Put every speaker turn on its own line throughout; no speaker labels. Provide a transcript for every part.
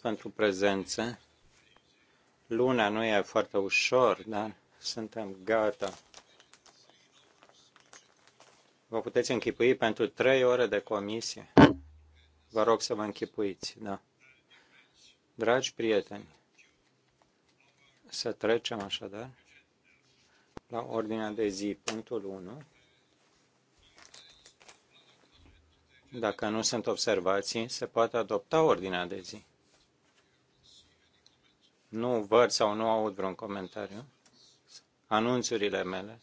pentru prezență. Luna nu e foarte ușor, dar suntem gata. Vă puteți închipui pentru trei ore de comisie. Vă rog să vă închipuiți, da. Dragi prieteni, să trecem așadar la ordinea de zi, punctul 1. Dacă nu sunt observații, se poate adopta ordinea de zi. Nu văd sau nu aud vreun comentariu. Anunțurile mele.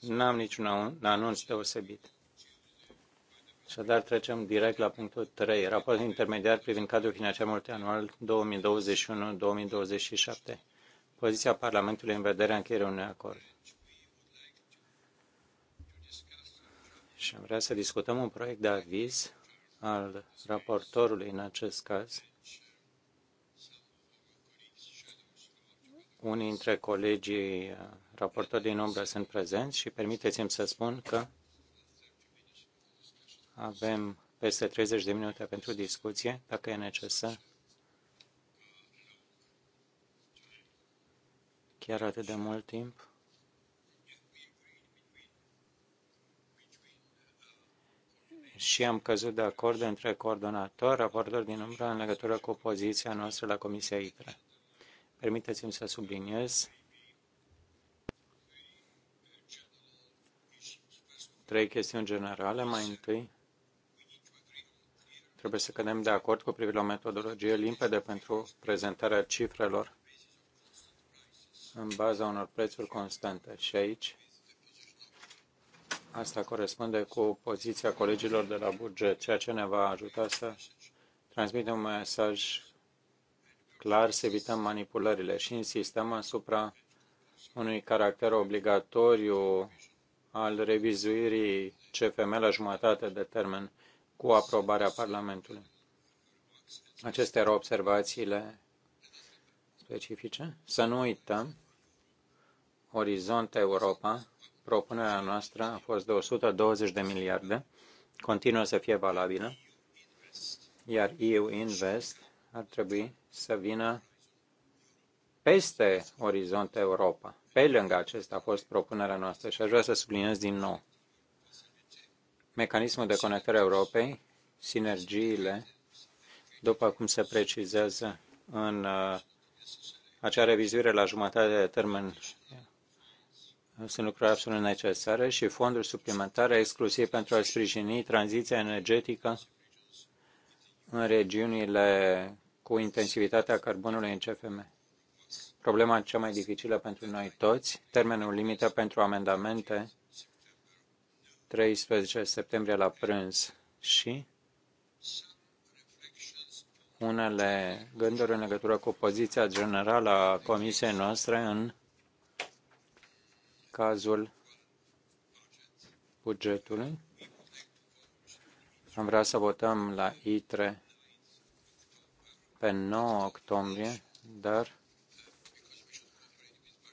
N-am niciun anunț deosebit. Așadar, trecem direct la punctul 3, raportul intermediar privind cadrul financiar multianual 2021-2027, poziția Parlamentului în vederea încheierii unui acord. Și am vrea să discutăm un proiect de aviz al raportorului în acest caz, Unii dintre colegii uh, raportori din umbră sunt prezenți și permiteți-mi să spun că avem peste 30 de minute pentru discuție, dacă e necesar. Chiar atât de mult timp. și am căzut de acord între coordonator, raportor din umbră, în legătură cu poziția noastră la Comisia ITRE. Permiteți-mi să subliniez trei chestiuni generale. Mai întâi, trebuie să cădem de acord cu privire la o metodologie limpede pentru prezentarea cifrelor în baza unor prețuri constante. Și aici, asta corespunde cu poziția colegilor de la buget, ceea ce ne va ajuta să transmitem un mesaj clar să evităm manipulările și insistăm asupra unui caracter obligatoriu al revizuirii CFM la jumătate de termen cu aprobarea Parlamentului. Acestea erau observațiile specifice. Să nu uităm, Orizont Europa, propunerea noastră a fost de 120 de miliarde, continuă să fie valabilă, iar EU Invest ar trebui să vină peste orizont Europa. Pe lângă acesta a fost propunerea noastră și aș vrea să subliniez din nou. Mecanismul de conectare a Europei, sinergiile, după cum se precizează în uh, acea revizuire la jumătate de termen sunt lucruri absolut necesare și fonduri suplimentare exclusiv pentru a sprijini tranziția energetică în regiunile cu intensivitatea carbonului în CFM. Problema cea mai dificilă pentru noi toți, termenul limită pentru amendamente, 13 septembrie la prânz și unele gânduri în legătură cu poziția generală a comisiei noastre în cazul bugetului. Am vrea să votăm la ITRE pe 9 octombrie, dar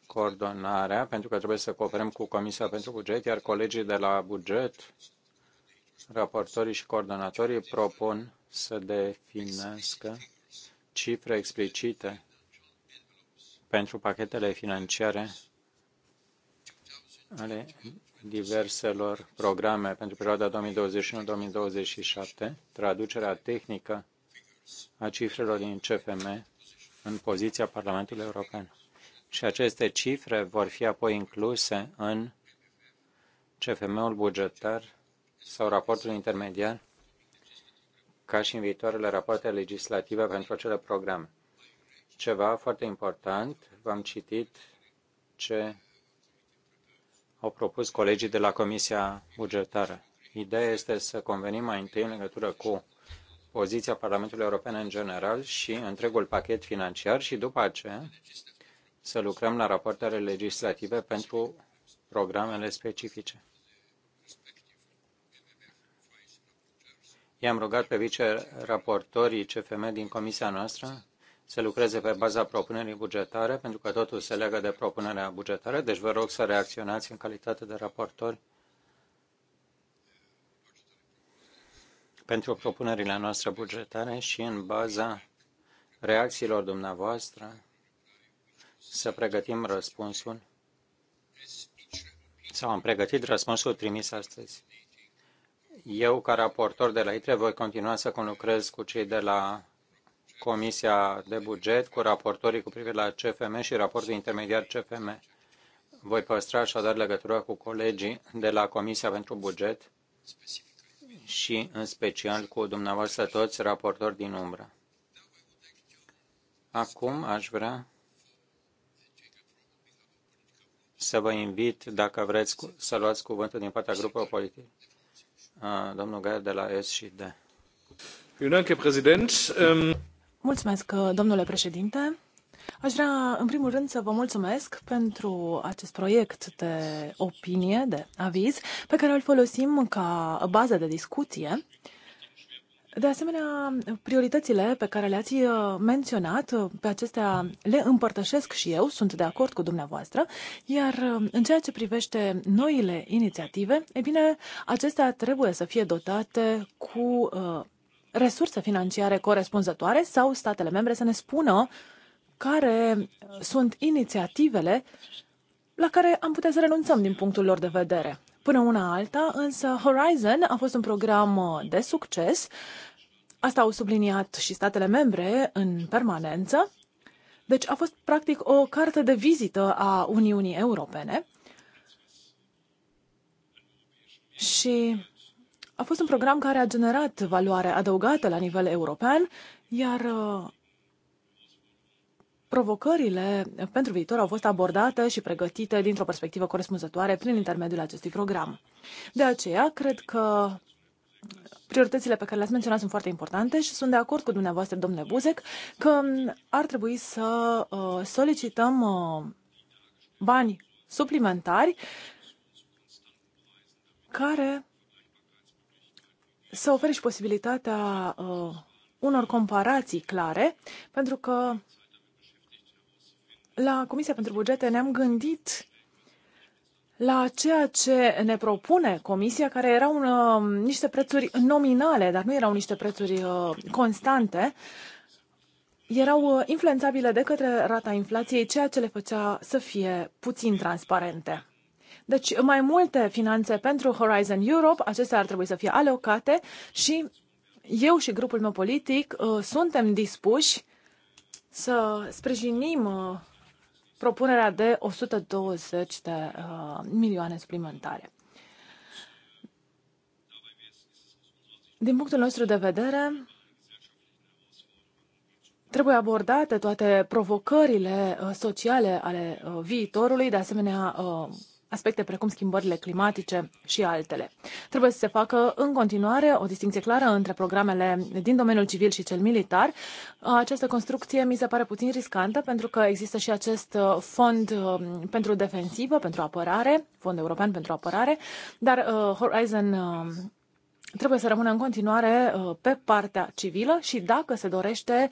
coordonarea, pentru că trebuie să cooperăm cu Comisia pentru Buget, iar colegii de la buget, raportorii și coordonatorii propun să definească cifre explicite pentru pachetele financiare ale diverselor programe pentru perioada 2021-2027, traducerea tehnică a cifrelor din CFM în poziția Parlamentului European. Și aceste cifre vor fi apoi incluse în CFM-ul bugetar sau raportul intermediar, ca și în viitoarele rapoarte legislative pentru acele programe. Ceva foarte important, v-am citit ce au propus colegii de la Comisia Bugetară. Ideea este să convenim mai întâi în legătură cu poziția Parlamentului European în general și întregul pachet financiar și după aceea să lucrăm la rapoartele legislative pentru programele specifice. I-am rugat pe viceraportorii CFM din comisia noastră să lucreze pe baza propunerii bugetare, pentru că totul se leagă de propunerea bugetară, deci vă rog să reacționați în calitate de raportori pentru propunerile noastre bugetare și în baza reacțiilor dumneavoastră să pregătim răspunsul sau am pregătit răspunsul trimis astăzi. Eu, ca raportor de la ITRE, voi continua să conlucrez cu cei de la Comisia de Buget, cu raportorii cu privire la CFM și raportul intermediar CFM. Voi păstra așadar legătura cu colegii de la Comisia pentru Buget și în special cu dumneavoastră toți raportori din umbră. Acum aș vrea să vă invit, dacă vreți, să luați cuvântul din partea grupului politic. Domnul Gaia de la S și D. Ähm,
Mulțumesc, domnule președinte. Aș vrea, în primul rând, să vă mulțumesc pentru acest proiect de opinie, de aviz, pe care îl folosim ca bază de discuție. De asemenea, prioritățile pe care le-ați uh, menționat, uh, pe acestea le împărtășesc și eu, sunt de acord cu dumneavoastră, iar uh, în ceea ce privește noile inițiative, e bine, acestea trebuie să fie dotate cu uh, resurse financiare corespunzătoare sau statele membre să ne spună uh, care uh, sunt inițiativele la care am putea să renunțăm din punctul lor de vedere. Până una alta, însă Horizon a fost un program uh, de succes. Asta au subliniat și statele membre în permanență. Deci a fost practic o carte de vizită a Uniunii Europene. Și a fost un program care a generat valoare adăugată la nivel european, iar uh, Provocările pentru viitor au fost abordate și pregătite dintr-o perspectivă corespunzătoare prin intermediul acestui program. De aceea, cred că prioritățile pe care le-ați menționat sunt foarte importante și sunt de acord cu dumneavoastră, domnule Buzec, că ar trebui să uh, solicităm uh, bani suplimentari care să ofere și posibilitatea uh, unor comparații clare, pentru că la Comisia pentru Bugete ne-am gândit la ceea ce ne propune Comisia, care erau un, uh, niște prețuri nominale, dar nu erau niște prețuri uh, constante, erau uh, influențabile de către rata inflației, ceea ce le făcea să fie puțin transparente. Deci mai multe finanțe pentru Horizon Europe, acestea ar trebui să fie alocate și eu și grupul meu politic uh, suntem dispuși să sprijinim uh, propunerea de 120 de uh, milioane suplimentare. Din punctul nostru de vedere, trebuie abordate toate provocările uh, sociale ale uh, viitorului, de asemenea uh, aspecte precum schimbările climatice și altele. Trebuie să se facă în continuare o distinție clară între programele din domeniul civil și cel militar. Această construcție mi se pare puțin riscantă pentru că există și acest uh, fond um, pentru defensivă, pentru apărare, fond european pentru apărare, dar uh, Horizon um, trebuie să rămână în continuare uh, pe partea civilă și dacă se dorește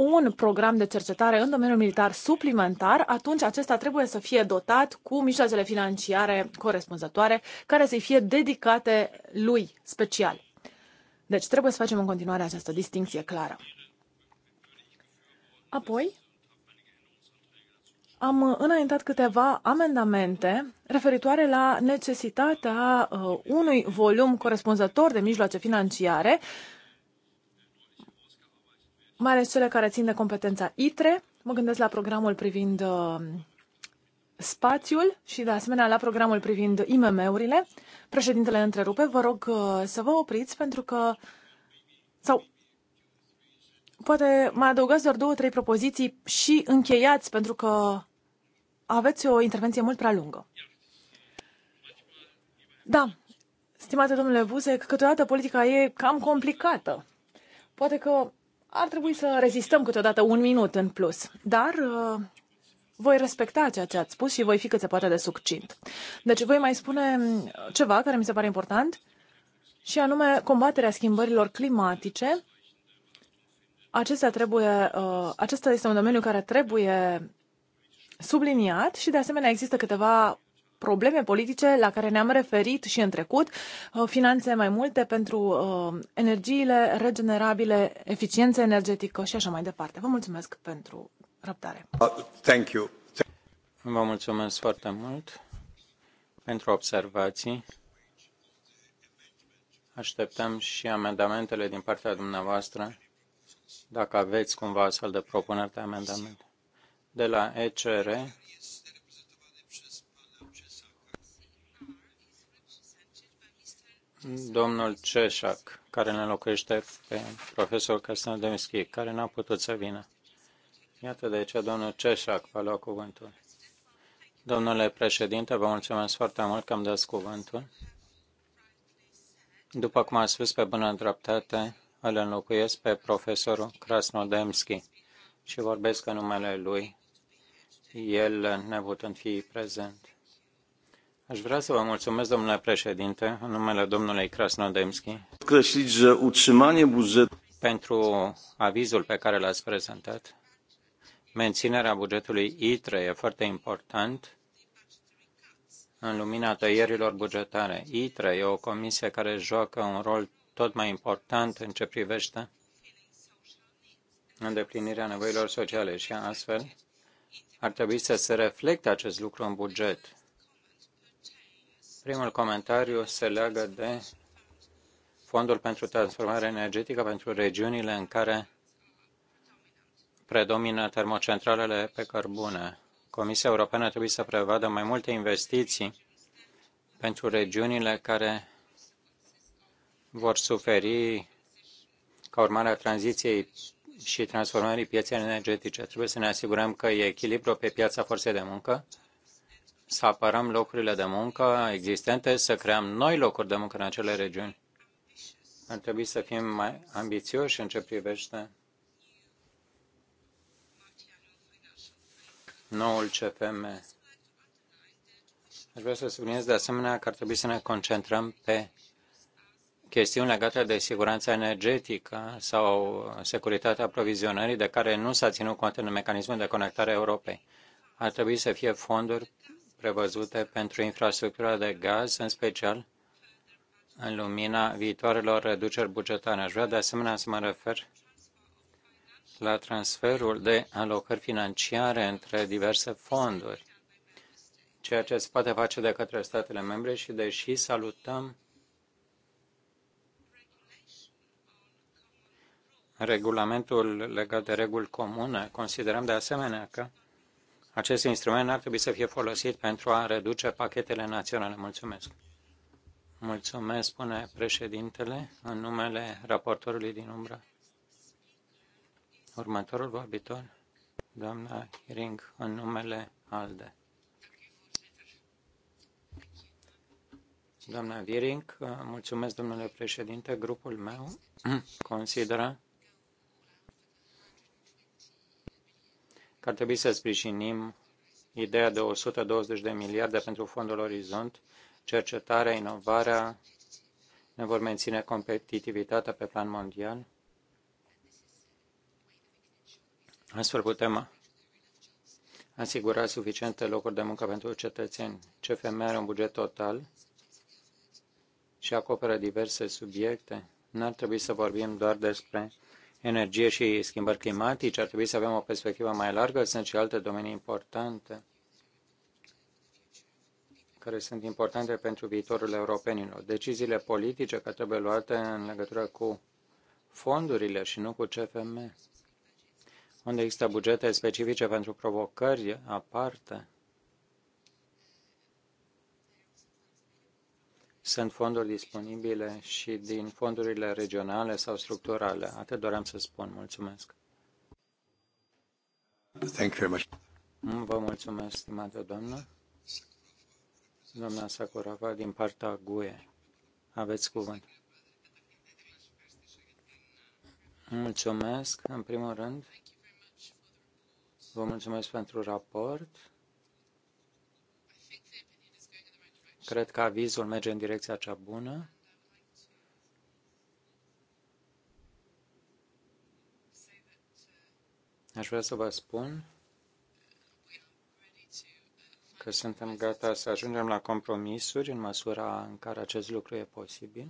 un program de cercetare în domeniul militar suplimentar, atunci acesta trebuie să fie dotat cu mijloacele financiare corespunzătoare care să-i fie dedicate lui special. Deci trebuie să facem în continuare această distinție clară. Apoi, am înaintat câteva amendamente referitoare la necesitatea uh, unui volum corespunzător de mijloace financiare mai ales cele care țin de competența ITRE. Mă gândesc la programul privind uh, spațiul și, de asemenea, la programul privind IMM-urile. Președintele întrerupe, vă rog uh, să vă opriți pentru că... sau poate mai adăugați doar două, trei propoziții și încheiați pentru că aveți o intervenție mult prea lungă. Da, stimate domnule Buzec, câteodată politica e cam complicată. Poate că ar trebui să rezistăm câteodată un minut în plus, dar uh, voi respecta ceea ce ați spus și voi fi cât se poate de succint. Deci voi mai spune mm, ceva care mi se pare important și anume combaterea schimbărilor climatice. Acestea trebuie, uh, acesta este un domeniu care trebuie subliniat și de asemenea există câteva probleme politice la care ne-am referit și în trecut, uh, finanțe mai multe pentru uh, energiile regenerabile, eficiență energetică și așa mai departe. Vă mulțumesc pentru răbdare.
Uh, thank you. Vă mulțumesc foarte mult pentru observații. Așteptăm și amendamentele din partea dumneavoastră, dacă aveți cumva astfel de propuneri de amendament. De la ECR, domnul Ceșac, care ne locuiește pe profesor Demski, care n-a putut să vină. Iată de ce domnul Ceșac va lua cuvântul. Domnule președinte, vă mulțumesc foarte mult că am dat cuvântul. După cum a spus pe bună dreptate, îl înlocuiesc pe profesorul Krasnodemski și vorbesc în numele lui, el nevutând fi prezent. Aș vrea să vă mulțumesc, domnule președinte, în numele domnului Krasnodemski, pentru avizul pe care l-ați prezentat. Menținerea bugetului ITRE e foarte important în lumina tăierilor bugetare. ITRE e o comisie care joacă un rol tot mai important în ce privește îndeplinirea nevoilor sociale și astfel ar trebui să se reflecte acest lucru în buget Primul comentariu se leagă de Fondul pentru Transformare Energetică pentru regiunile în care predomină termocentralele pe cărbune. Comisia Europeană trebuie să prevadă mai multe investiții pentru regiunile care vor suferi ca urmare a tranziției și transformării pieței energetice. Trebuie să ne asigurăm că e echilibru pe piața forței de muncă să apărăm locurile de muncă existente, să creăm noi locuri de muncă în acele regiuni. Ar trebui să fim mai ambițioși în ce privește noul CFM. Aș vrea să subliniez de asemenea că ar trebui să ne concentrăm pe chestiuni legate de siguranța energetică sau securitatea aprovizionării de care nu s-a ținut cont în mecanismul de conectare a Europei. Ar trebui să fie fonduri prevăzute pentru infrastructura de gaz, în special în lumina viitoarelor reduceri bugetare. Aș vrea de asemenea să mă refer la transferul de alocări financiare între diverse fonduri, ceea ce se poate face de către statele membre și deși salutăm regulamentul legat de reguli comune, considerăm de asemenea că acest instrument ar trebui să fie folosit pentru a reduce pachetele naționale. Mulțumesc. Mulțumesc, spune președintele, în numele raportorului din umbră. Următorul vorbitor, doamna Ring, în numele ALDE. Doamna Viring, mulțumesc, domnule președinte. Grupul meu consideră că ar trebui să sprijinim ideea de 120 de miliarde pentru fondul Orizont, cercetarea, inovarea, ne vor menține competitivitatea pe plan mondial. Astfel putem asigura suficiente locuri de muncă pentru cetățeni. CFM are un buget total și acoperă diverse subiecte. N-ar trebui să vorbim doar despre energie și schimbări climatice, ar trebui să avem o perspectivă mai largă. Sunt și alte domenii importante care sunt importante pentru viitorul europenilor. Deciziile politice care trebuie luate în legătură cu fondurile și nu cu CFM, unde există bugete specifice pentru provocări aparte, sunt fonduri disponibile și din fondurile regionale sau structurale. Atât doream să spun. Mulțumesc.
Thank you very much.
Vă mulțumesc, stimată doamnă. Doamna Sakurava, din partea GUE. Aveți cuvânt. Mulțumesc, în primul rând. Vă mulțumesc pentru raport. Cred că avizul merge în direcția cea bună. Aș vrea să vă spun că suntem gata să ajungem la compromisuri în măsura în care acest lucru e posibil.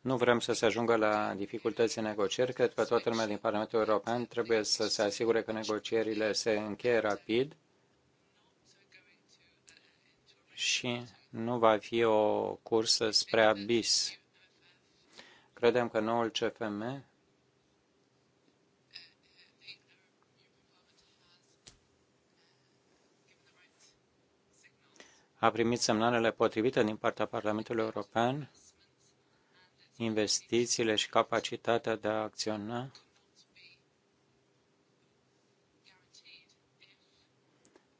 Nu vrem să se ajungă la dificultăți în negocieri. Cred că toată lumea din Parlamentul European trebuie să se asigure că negocierile se încheie rapid și nu va fi o cursă spre abis. Credem că noul CFM a primit semnalele potrivite din partea Parlamentului European investițiile și capacitatea de a acționa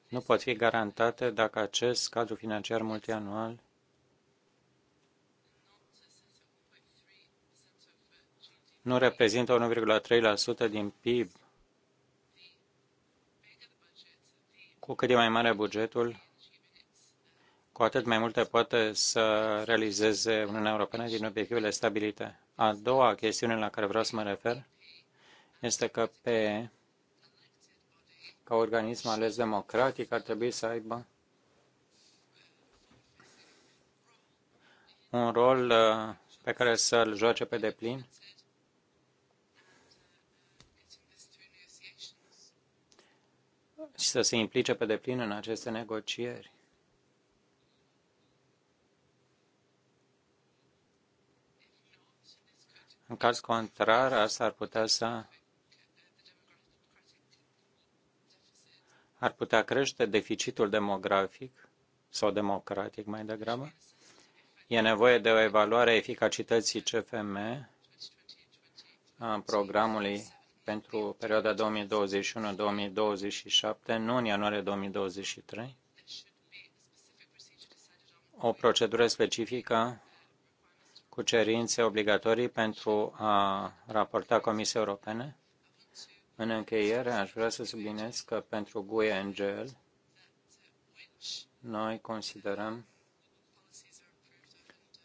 nu pot fi garantate dacă acest cadru financiar multianual nu reprezintă 1,3% din PIB. Cu cât e mai mare bugetul, cu atât mai multe poate să realizeze Uniunea Europeană din obiectivele stabilite. A doua chestiune la care vreau să mă refer este că pe ca organism ales democratic ar trebui să aibă un rol uh, pe care să-l joace pe deplin și să se implice pe deplin în aceste negocieri. În caz contrar, asta ar putea să ar putea crește deficitul demografic sau democratic mai degrabă. E nevoie de o evaluare a eficacității CFM a programului pentru perioada 2021-2027, nu în ianuarie 2023. O procedură specifică cu cerințe obligatorii pentru a raporta Comisiei Europene. În încheiere, aș vrea să subliniez că pentru GUE NGL noi considerăm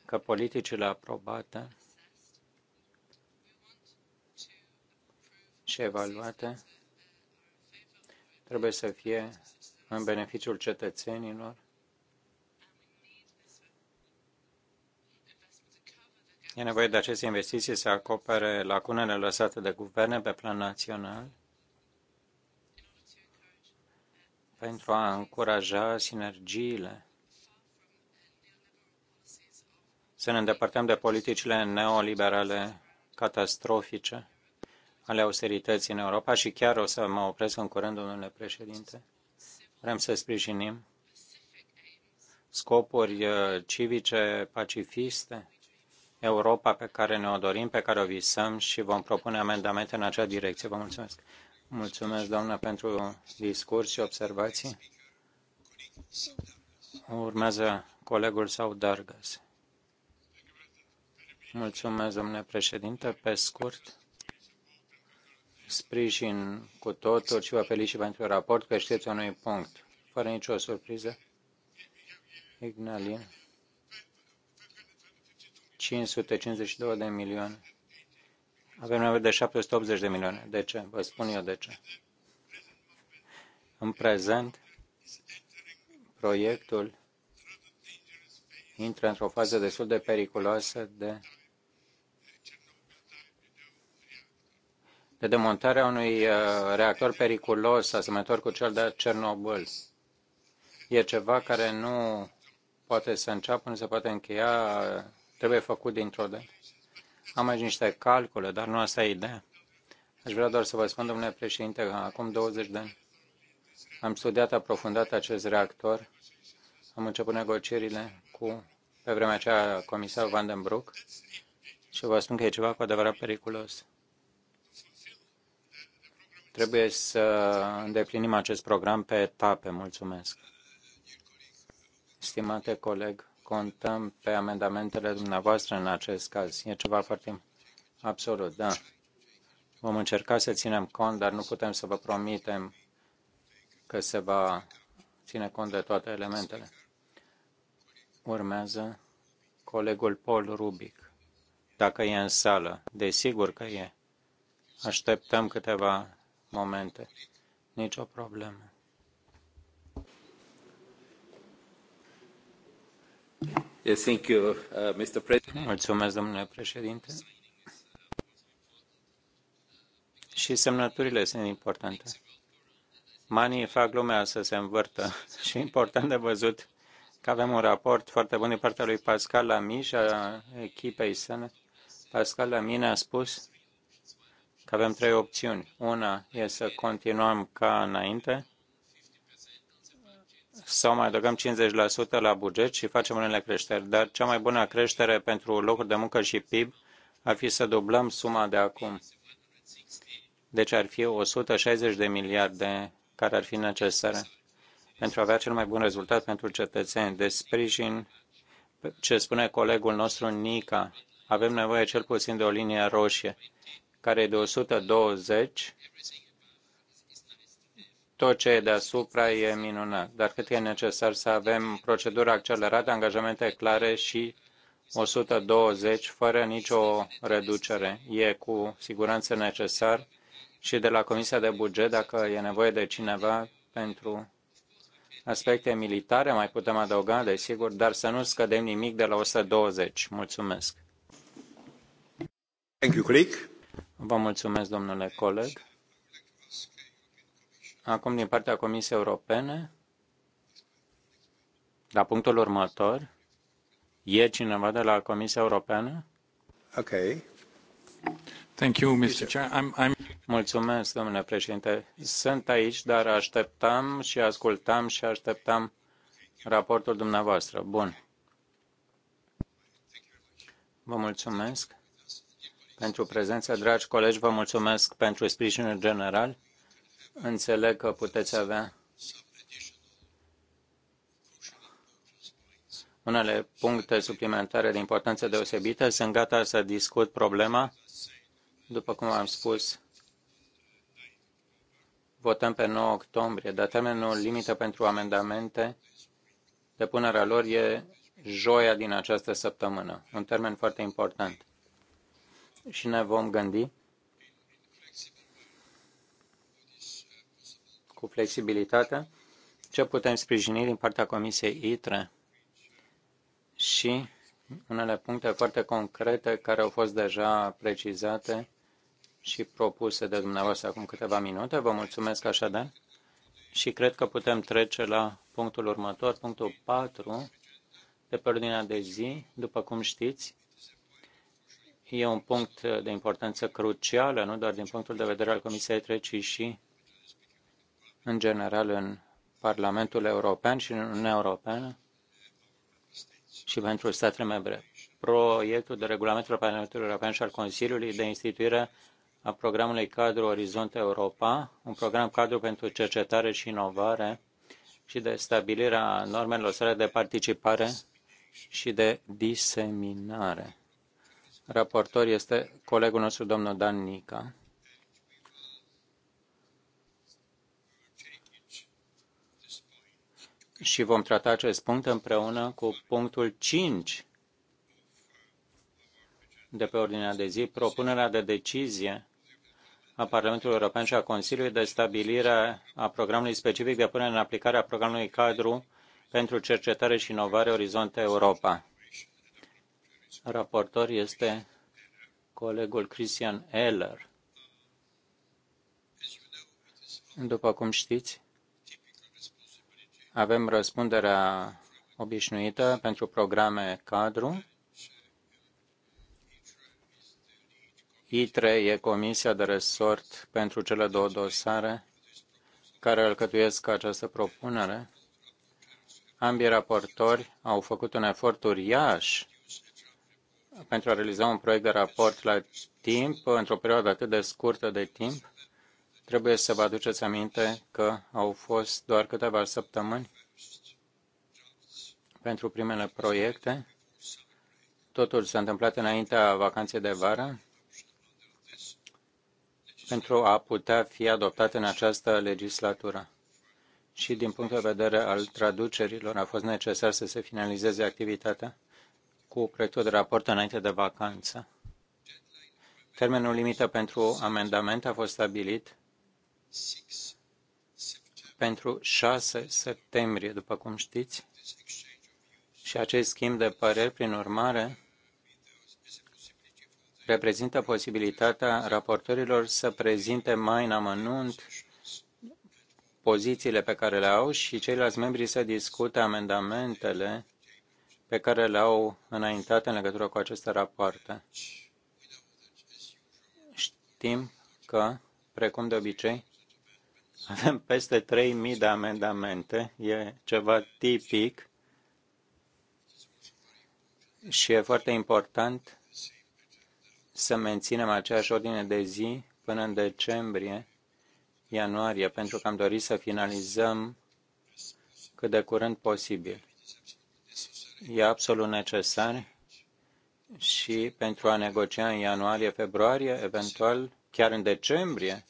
că politicile aprobate și evaluate trebuie să fie în beneficiul cetățenilor E nevoie de aceste investiții să acopere lacunele lăsate de guverne pe plan național pentru a încuraja sinergiile. Să ne îndepărtăm de politicile neoliberale catastrofice ale austerității în Europa și chiar o să mă opresc în curând, domnule președinte. Vrem să sprijinim scopuri uh, civice pacifiste Europa pe care ne-o dorim, pe care o visăm și vom propune amendamente în acea direcție. Vă mulțumesc. Mulțumesc, doamnă, pentru discurs și observații. Urmează colegul sau Dargas. Mulțumesc, domnule președinte. Pe scurt, sprijin cu totul și vă felicit pentru raport că știți unui punct. Fără nicio surpriză, Ignalin 552 de milioane. Avem nevoie de 780 de milioane. De ce? Vă spun eu de ce. În prezent, proiectul intră într-o fază destul de periculoasă de, de demontarea unui uh, reactor periculos asemănător cu cel de Cernobâl. E ceva care nu poate să înceapă, nu se poate încheia Trebuie făcut dintr-o dată. Am aici niște calcule, dar nu asta e ideea. Aș vrea doar să vă spun, domnule președinte, că acum 20 de ani am studiat aprofundat acest reactor. Am început negocierile cu, pe vremea aceea, comisar Van den Broek și vă spun că e ceva cu adevărat periculos. Trebuie să îndeplinim acest program pe etape. Mulțumesc. Stimate coleg, contăm pe amendamentele dumneavoastră în acest caz. E ceva foarte absolut, da. Vom încerca să ținem cont, dar nu putem să vă promitem că se va ține cont de toate elementele. Urmează colegul Paul Rubic. Dacă e în sală, desigur că e. Așteptăm câteva momente. Nicio problemă. Uh, Mulțumesc, domnule președinte. Și semnăturile sunt importante. Manii fac lumea să se învârtă și important de văzut că avem un raport foarte bun din partea lui Pascal Lamy și a echipei sale. Pascal Lamy ne-a spus că avem trei opțiuni. Una e să continuăm ca înainte, sau mai adăugăm 50% la buget și facem unele creșteri, dar cea mai bună creștere pentru locuri de muncă și PIB ar fi să dublăm suma de acum. Deci ar fi 160 de miliarde care ar fi necesare pentru a avea cel mai bun rezultat pentru cetățeni. De deci sprijin ce spune colegul nostru Nica, avem nevoie cel puțin de o linie roșie care e de 120 tot ce e deasupra e minunat, dar cât e necesar să avem proceduri accelerată, angajamente clare și 120 fără nicio reducere. E cu siguranță necesar și de la Comisia de Buget, dacă e nevoie de cineva pentru aspecte militare, mai putem adăuga, desigur, dar să nu scădem nimic de la 120. Mulțumesc. Thank you, Vă mulțumesc, domnule coleg. Acum, din partea Comisiei Europene, la punctul următor, e cineva de la Comisia Europeană? Ok. Thank you, Mr. Chair. I'm, I'm... Mulțumesc, domnule președinte. Sunt aici, dar așteptam și ascultam și așteptam raportul dumneavoastră. Bun. Vă mulțumesc pentru prezența, dragi colegi, vă mulțumesc pentru sprijinul general. Înțeleg că puteți avea unele puncte suplimentare de importanță deosebită. Sunt gata să discut problema. După cum am spus, votăm pe 9 octombrie, dar termenul limită pentru amendamente, depunerea lor e joia din această săptămână, un termen foarte important. Și ne vom gândi cu flexibilitatea, ce putem sprijini din partea Comisiei ITRE și unele puncte foarte concrete care au fost deja precizate și propuse de dumneavoastră acum câteva minute. Vă mulțumesc așadar și cred că putem trece la punctul următor, punctul 4 de pe ordinea de zi. După cum știți, e un punct de importanță crucială, nu doar din punctul de vedere al Comisiei 3, ci și în general în Parlamentul European și în Uniunea Europeană și pentru statele membre. Proiectul de regulament al Parlamentului European și al Consiliului de instituire a programului cadru Orizont Europa, un program cadru pentru cercetare și inovare și de stabilirea normelor sale de participare și de diseminare. Raportor este colegul nostru, domnul Dan Nica. și vom trata acest punct împreună cu punctul 5 de pe ordinea de zi, propunerea de decizie a Parlamentului European și a Consiliului de stabilire a programului specific de punere în aplicare a programului cadru pentru cercetare și inovare Orizont Europa. Raportor este colegul Christian Eller. După cum știți, avem răspunderea obișnuită pentru programe cadru. 3 e comisia de resort pentru cele două dosare care alcătuiesc această propunere. Ambii raportori au făcut un efort uriaș pentru a realiza un proiect de raport la timp, într-o perioadă atât de scurtă de timp. Trebuie să vă aduceți aminte că au fost doar câteva săptămâni pentru primele proiecte. Totul s-a întâmplat înaintea vacanței de vară pentru a putea fi adoptat în această legislatură. Și din punct de vedere al traducerilor a fost necesar să se finalizeze activitatea cu proiectul de raport înainte de vacanță. Termenul limită pentru amendament a fost stabilit pentru 6 septembrie, după cum știți, și acest schimb de păreri, prin urmare, reprezintă posibilitatea raportorilor să prezinte mai în amănunt pozițiile pe care le au și ceilalți membri să discute amendamentele pe care le-au înaintat în legătură cu aceste rapoarte. Știm că, precum de obicei, avem peste 3.000 de amendamente, e ceva tipic și e foarte important să menținem aceeași ordine de zi până în decembrie, ianuarie, pentru că am dorit să finalizăm cât de curând posibil. E absolut necesar și pentru a negocia în ianuarie, februarie, eventual chiar în decembrie,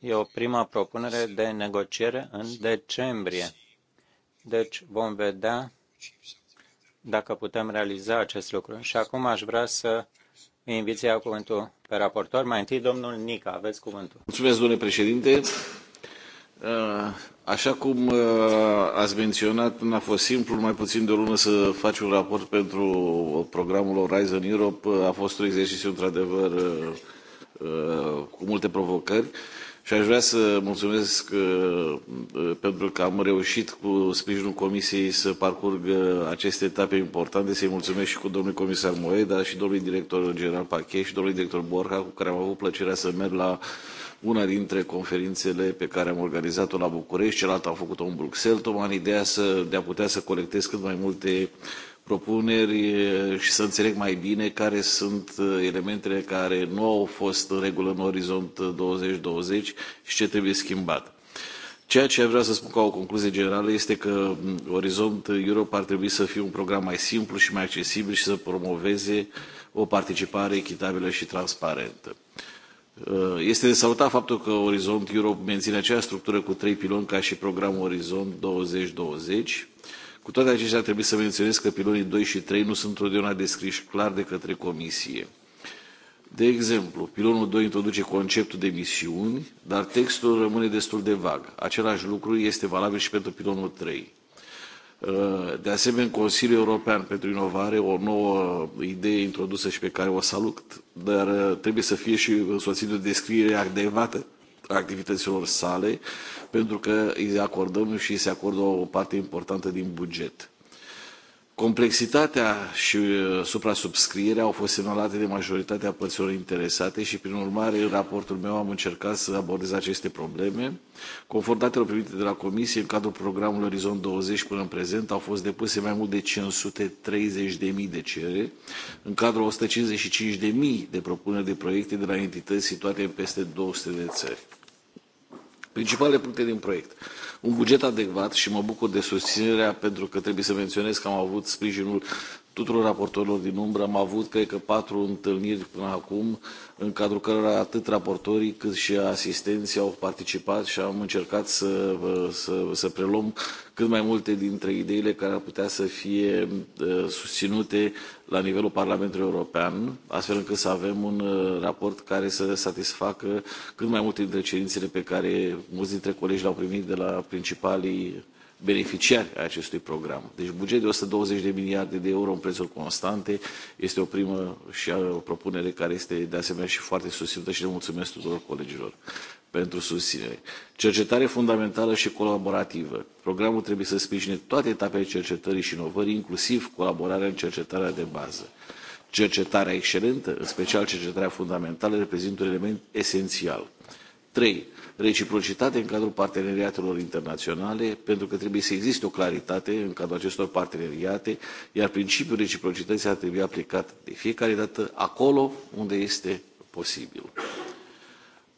E o prima propunere de negociere în decembrie. Deci vom vedea dacă putem realiza acest lucru. Și acum aș vrea să invit iau cuvântul pe raportor. Mai întâi, domnul Nica, aveți cuvântul.
Mulțumesc, domnule președinte. Uh, așa cum uh, ați menționat, n-a fost simplu, mai puțin de o lună să faci un raport pentru programul Horizon Europe. Uh, a fost un exercițiu, într-adevăr, cu multe provocări. Și aș vrea să mulțumesc uh, uh, pentru că am reușit cu sprijinul Comisiei să parcurg uh, aceste etape importante, să-i mulțumesc și cu domnul comisar Moedas, și domnului director general Pachet și domnului director Borca, cu care am avut plăcerea să merg la una dintre conferințele pe care am organizat-o la București, cealaltă am făcut-o în Bruxelles, tocmai în ideea să, de a putea să colectez cât mai multe uh, propuneri și să înțeleg mai bine care sunt elementele care nu au fost în regulă în orizont 2020 și ce trebuie schimbat. Ceea ce vreau să spun ca o concluzie generală este că Orizont Europa ar trebui să fie un program mai simplu și mai accesibil și să promoveze o participare echitabilă și transparentă. Este de salutat faptul că Orizont Europe menține aceeași structură cu trei piloni ca și programul Orizont 2020, cu toate acestea, trebuie să menționez că pilonii 2 și 3 nu sunt întotdeauna descriși clar de către Comisie. De exemplu, pilonul 2 introduce conceptul de misiuni, dar textul rămâne destul de vag. Același lucru este valabil și pentru pilonul 3. Uh, de asemenea, Consiliul European pentru Inovare, o nouă idee introdusă și pe care o salut, dar uh, trebuie să fie și însoțită de descriere adecvată activităților sale, pentru că îi acordăm și se acordă o parte importantă din buget. Complexitatea și uh, suprasubscrierea au fost semnalate de majoritatea părților interesate și, prin urmare, în raportul meu am încercat să abordez aceste probleme. Conform datelor primite de la Comisie, în cadrul programului Orizont 20 până în prezent au fost depuse mai mult de 530.000 de cereri, în cadrul 155.000 de propuneri de proiecte de la entități situate în peste 200 de țări. Principalele puncte din proiect. Un buget adecvat și mă bucur de susținerea pentru că trebuie să menționez că am avut sprijinul tuturor raportorilor din umbră. Am avut, cred că, patru întâlniri până acum în cadrul cărora atât raportorii cât și asistenții au participat și am încercat să, să, să preluăm cât mai multe dintre ideile care ar putea să fie ă, susținute la nivelul Parlamentului European, astfel încât să avem un ă, raport care să satisfacă cât mai multe dintre cerințele pe care mulți dintre colegi le-au primit de la principalii beneficiari ai acestui program. Deci buget de 120 de miliarde de euro în prețuri constante este o primă și o propunere care este de asemenea și foarte susținută și le mulțumesc tuturor colegilor pentru susținere. Cercetare fundamentală și colaborativă. Programul trebuie să sprijine toate etapele cercetării și inovării, inclusiv colaborarea în cercetarea de bază. Cercetarea excelentă, în special cercetarea fundamentală, reprezintă un element esențial. 3 reciprocitate în cadrul parteneriatelor internaționale, pentru că trebuie să existe o claritate în cadrul acestor parteneriate, iar principiul reciprocității ar trebui aplicat de fiecare dată acolo unde este posibil.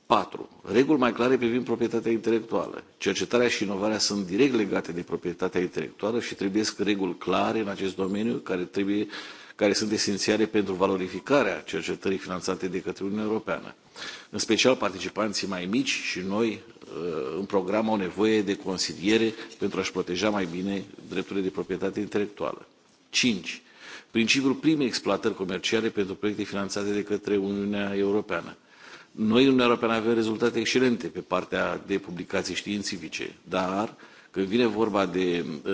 4. Reguli mai clare privind proprietatea intelectuală. Cercetarea și inovarea sunt direct legate de proprietatea intelectuală și trebuie reguli clare în acest domeniu care trebuie care sunt esențiale pentru valorificarea cercetării finanțate de către Uniunea Europeană. În special, participanții mai mici și noi uh, în program au nevoie de consiliere pentru a-și proteja mai bine drepturile de proprietate intelectuală. 5. Principiul primei exploatări comerciale pentru proiecte finanțate de către Uniunea Europeană. Noi, în Uniunea Europeană, avem rezultate excelente pe partea de publicații științifice, dar când vine vorba de uh,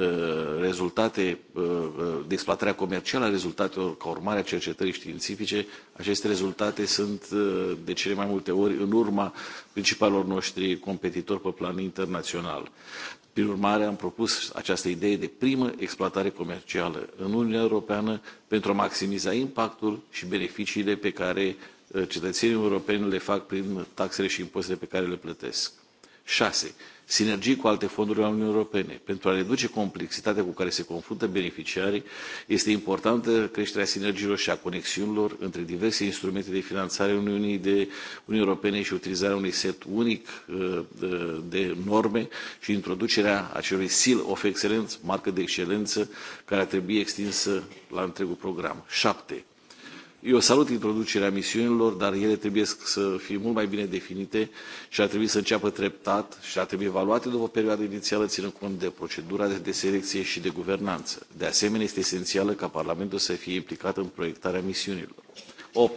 rezultate, uh, uh, de exploatarea comercială a rezultatelor ca urmare a cercetării științifice, aceste rezultate sunt uh, de cele mai multe ori în urma principalilor noștri competitori pe plan internațional. Prin urmare, am propus această idee de primă exploatare comercială în Uniunea Europeană pentru a maximiza impactul și beneficiile pe care uh, cetățenii europeni le fac prin taxele și impozitele pe care le plătesc. 6. Sinergii cu alte fonduri ale Uniunii Europene. Pentru a reduce complexitatea cu care se confruntă beneficiarii, este importantă creșterea sinergiilor și a conexiunilor între diverse instrumente de finanțare Uniunii, de Uniunii Europene și utilizarea unui set unic uh, uh, de norme și introducerea acelui seal of excellence, marcă de excelență, care ar trebui extinsă la întregul program. 7 eu salut introducerea misiunilor, dar ele trebuie să fie mult mai bine definite și ar trebui să înceapă treptat și ar trebui evaluate după perioada inițială, ținând cont de procedura de selecție și de guvernanță. De asemenea, este esențială ca Parlamentul să fie implicat în proiectarea misiunilor. 8.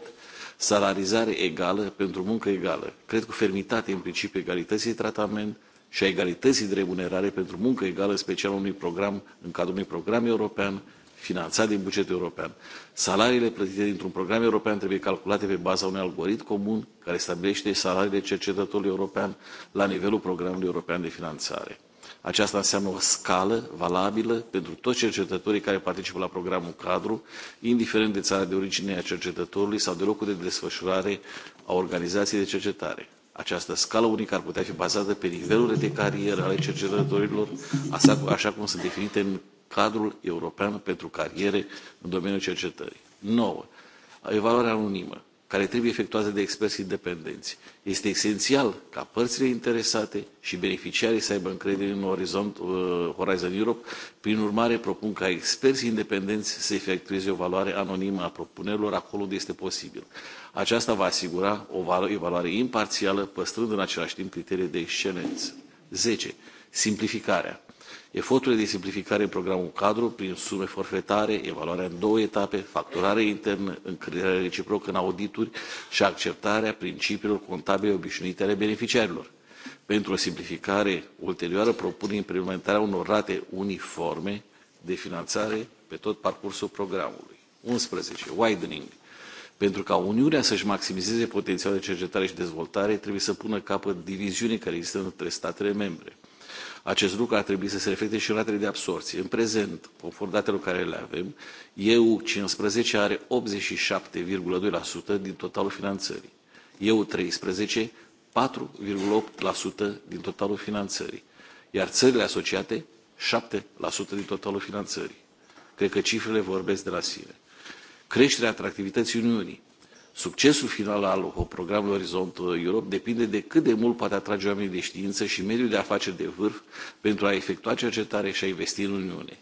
Salarizare egală pentru muncă egală. Cred cu fermitate în principiul egalității de tratament și a egalității de remunerare pentru muncă egală, special unui program, în cadrul unui program european finanțat din bugetul european. Salariile plătite dintr-un program european trebuie calculate pe baza unui algoritm comun care stabilește salariile cercetătorului european la nivelul programului european de finanțare. Aceasta înseamnă o scală valabilă pentru toți cercetătorii care participă la programul cadru, indiferent de țara de origine a cercetătorului sau de locul de desfășurare a organizației de cercetare. Această scală unică ar putea fi bazată pe nivelurile de carieră ale cercetătorilor, așa cum sunt definite în cadrul european pentru cariere în domeniul cercetării. 9. Evaluarea anonimă, care trebuie efectuată de experți independenți. Este esențial ca părțile interesate și beneficiarii să aibă încredere în Horizon, uh, Horizon Europe. Prin urmare, propun ca experți independenți să efectueze o valoare anonimă a propunerilor acolo unde este posibil. Aceasta va asigura o evaluare imparțială, păstrând în același timp criterii de excelență. 10. Simplificarea Eforturile de simplificare în programul cadru, prin sume forfetare, evaluarea în două etape, facturare internă, încrederea reciprocă în audituri și acceptarea principiilor contabile obișnuite ale beneficiarilor. Pentru o simplificare ulterioară, propun implementarea unor rate uniforme de finanțare pe tot parcursul programului. 11. Widening. Pentru ca Uniunea să-și maximizeze potențialul de cercetare și dezvoltare, trebuie să pună capăt diviziunii care există între statele membre. Acest lucru ar trebui să se reflecte și în ratele de absorție. În prezent, conform datelor care le avem, EU15 are 87,2% din totalul finanțării. EU13 4,8% din totalul finanțării, iar țările asociate 7% din totalul finanțării. Cred că cifrele vorbesc de la sine. Creșterea atractivității Uniunii Succesul final al programului Orizont Europe depinde de cât de mult poate atrage oamenii de știință și mediul de afaceri de vârf pentru a efectua cercetare și a investi în Uniune.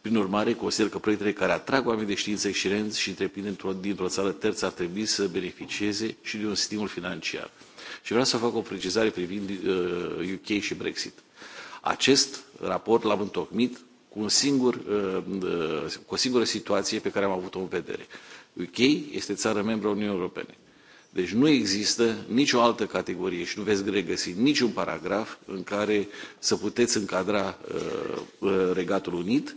Prin urmare, consider că proiectele care atrag oameni de știință și renți și întreprinderi dintr-o, dintr-o țară terță ar trebui să beneficieze și de un stimul financiar. Și vreau să fac o precizare privind uh, UK și Brexit. Acest raport l-am întocmit cu, un singur, uh, uh, cu o singură situație pe care am avut-o în vedere. Uh, UK este țară membră a Uniunii Europene. Deci nu există nicio altă categorie și nu veți regăsi niciun paragraf în care să puteți încadra uh, uh Regatul Unit.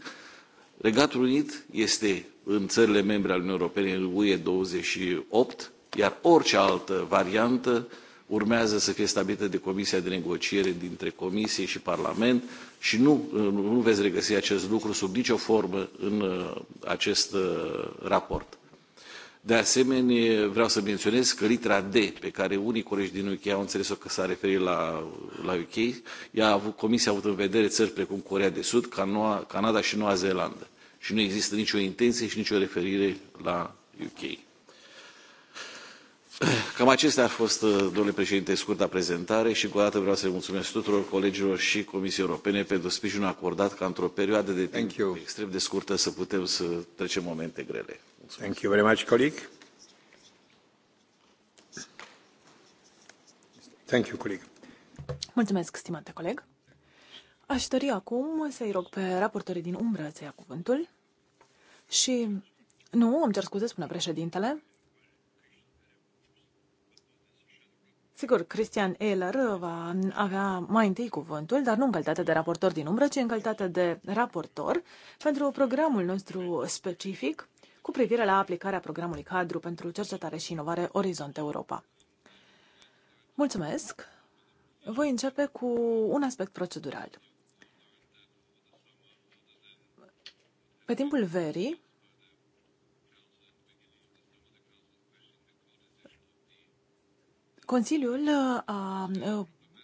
Regatul Unit este în țările membre ale Uniunii Europene, în UE 28, iar orice altă variantă urmează să fie stabilită de Comisia de Negociere dintre Comisie și Parlament și nu, uh, nu veți regăsi acest lucru sub nicio formă în uh, acest uh, raport. De asemenea, vreau să menționez că litera D, pe care unii colegi din UK au înțeles-o că s-a referit la, la UK, ea a avut, Comisia a avut în vedere țări precum Corea de Sud, Canada și Noua Zeelandă. Și nu există nicio intenție și nicio referire la UK. Cam acestea ar fost, domnule președinte, scurta prezentare și încă o dată vreau să le mulțumesc tuturor colegilor și Comisiei Europene pentru sprijinul acordat ca într-o perioadă de timp extrem de scurtă să putem să trecem momente grele. Thank you very much, colleague.
Thank you, colleague.
Mulțumesc, stimate coleg. Aș dori acum să-i rog pe raportorii din umbră să ia cuvântul. Și nu, îmi cer scuze, spune președintele. Sigur, Cristian Ehler va avea mai întâi cuvântul, dar nu în calitate de raportor din umbră, ci în calitate de raportor pentru programul nostru specific cu privire la aplicarea programului cadru pentru cercetare și inovare Orizont Europa. Mulțumesc! Voi începe cu un aspect procedural. Pe timpul verii, Consiliul a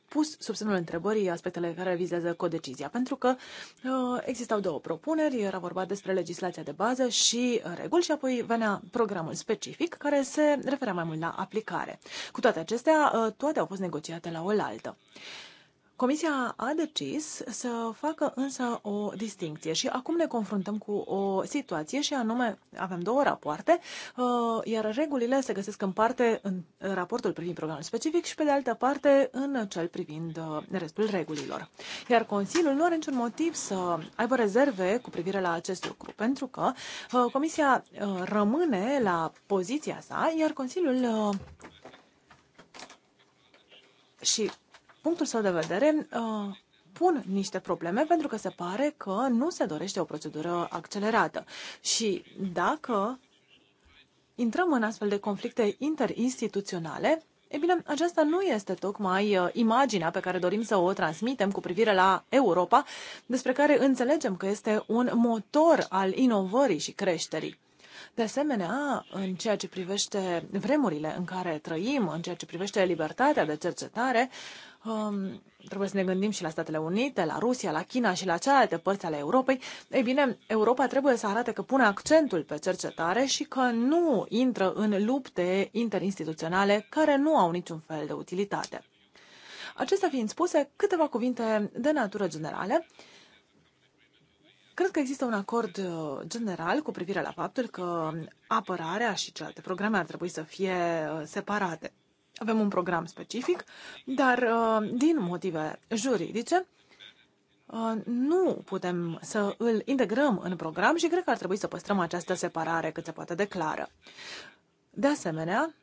pus sub semnul întrebării aspectele care vizează codecizia, pentru că uh, existau două propuneri, era vorba despre legislația de bază și uh, reguli și apoi venea programul specific care se referea mai mult la aplicare. Cu toate acestea, uh, toate au fost negociate la oaltă. Uh, Comisia a decis să facă însă o distinție și acum ne confruntăm cu o situație și anume avem două rapoarte, uh, iar regulile se găsesc în parte în raportul privind programul specific și pe de altă parte în cel privind uh, restul regulilor. Iar Consiliul nu are niciun motiv să aibă rezerve cu privire la acest lucru, pentru că uh, Comisia rămâne la poziția sa, iar Consiliul și punctul său de vedere, uh, pun niște probleme pentru că se pare că nu se dorește o procedură accelerată. Și dacă intrăm în astfel de conflicte interinstituționale, e bine, aceasta nu este tocmai uh, imaginea pe care dorim să o transmitem cu privire la Europa, despre care înțelegem că este un motor al inovării și creșterii. De asemenea, în ceea ce privește vremurile în care trăim, în ceea ce privește libertatea de cercetare, uh, Um, trebuie să ne gândim și la Statele Unite, la Rusia, la China și la celelalte părți ale Europei. Ei bine, Europa trebuie să arate că pune accentul pe cercetare și că nu intră în lupte interinstituționale care nu au niciun fel de utilitate. Acestea fiind spuse, câteva cuvinte de natură generală. Cred că există un acord uh, general cu privire la faptul că apărarea și celelalte programe ar trebui să fie uh, separate. Avem un program specific, dar uh, din motive juridice uh, nu putem să îl integrăm în program și cred că ar trebui să păstrăm această separare cât se poate de clară. De asemenea,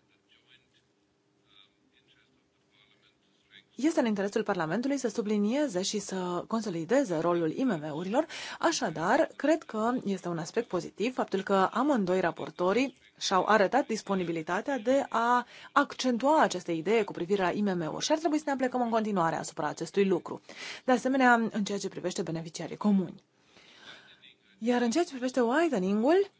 Este în interesul Parlamentului să sublinieze și să consolideze rolul IMM-urilor, așadar, cred că este un aspect pozitiv faptul că amândoi raportorii și-au arătat disponibilitatea de a accentua aceste idee cu privire la IMM-uri și ar trebui să ne aplecăm în continuare asupra acestui lucru. De asemenea, în ceea ce privește beneficiarii comuni. Iar în ceea ce privește widening-ul,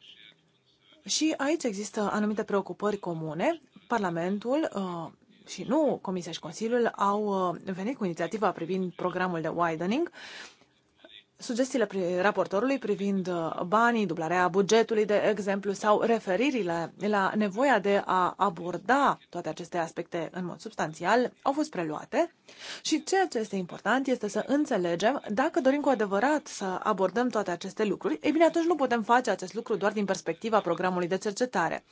și aici există anumite preocupări comune. Parlamentul uh, și nu Comisia și Consiliul au uh, venit cu inițiativa privind programul de widening, sugestiile raportorului privind uh, banii, dublarea bugetului, de exemplu, sau referirile la nevoia de a aborda toate aceste aspecte în mod substanțial au fost preluate și ceea ce este important este să înțelegem dacă dorim cu adevărat să abordăm toate aceste lucruri, ei bine, atunci nu putem face acest lucru doar din perspectiva programului de cercetare.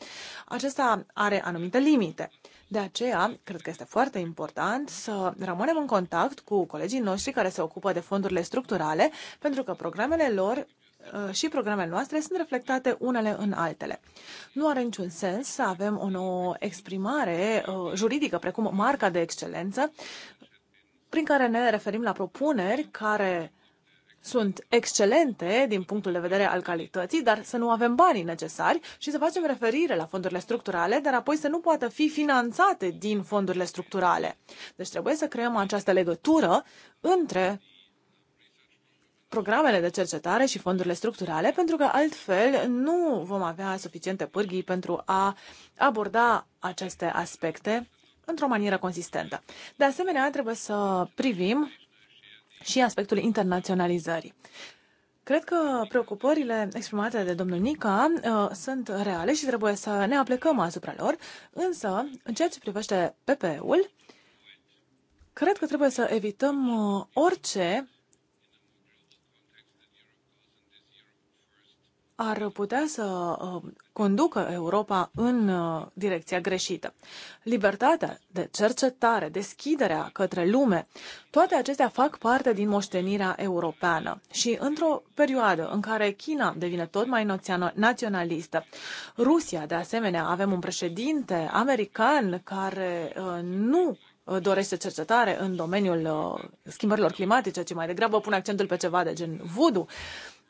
Acesta are anumite limite. De aceea, cred că este foarte important să rămânem în contact cu colegii noștri care se ocupă de fondurile structurale, pentru că programele lor uh, și programele noastre sunt reflectate unele în altele. Nu are niciun sens să avem o nouă exprimare uh, juridică, precum marca de excelență, prin care ne referim la propuneri care sunt excelente din punctul de vedere al calității, dar să nu avem banii necesari și să facem referire la fondurile structurale, dar apoi să nu poată fi finanțate din fondurile structurale. Deci trebuie să creăm această legătură între programele de cercetare și fondurile structurale, pentru că altfel nu vom avea suficiente pârghii pentru a aborda aceste aspecte într-o manieră consistentă. De asemenea, trebuie să privim și aspectul internaționalizării. Cred că preocupările exprimate de domnul Nica uh, sunt reale și trebuie să ne aplecăm asupra lor, însă, în ceea ce privește PP-ul, cred că trebuie să evităm uh, orice ar putea să uh, conducă Europa în uh, direcția greșită. Libertatea de cercetare, deschiderea către lume, toate acestea fac parte din moștenirea europeană. Și într-o perioadă în care China devine tot mai naționalistă, Rusia, de asemenea, avem un președinte american care uh, nu dorește cercetare în domeniul schimbărilor climatice, ci mai degrabă pune accentul pe ceva de gen voodoo.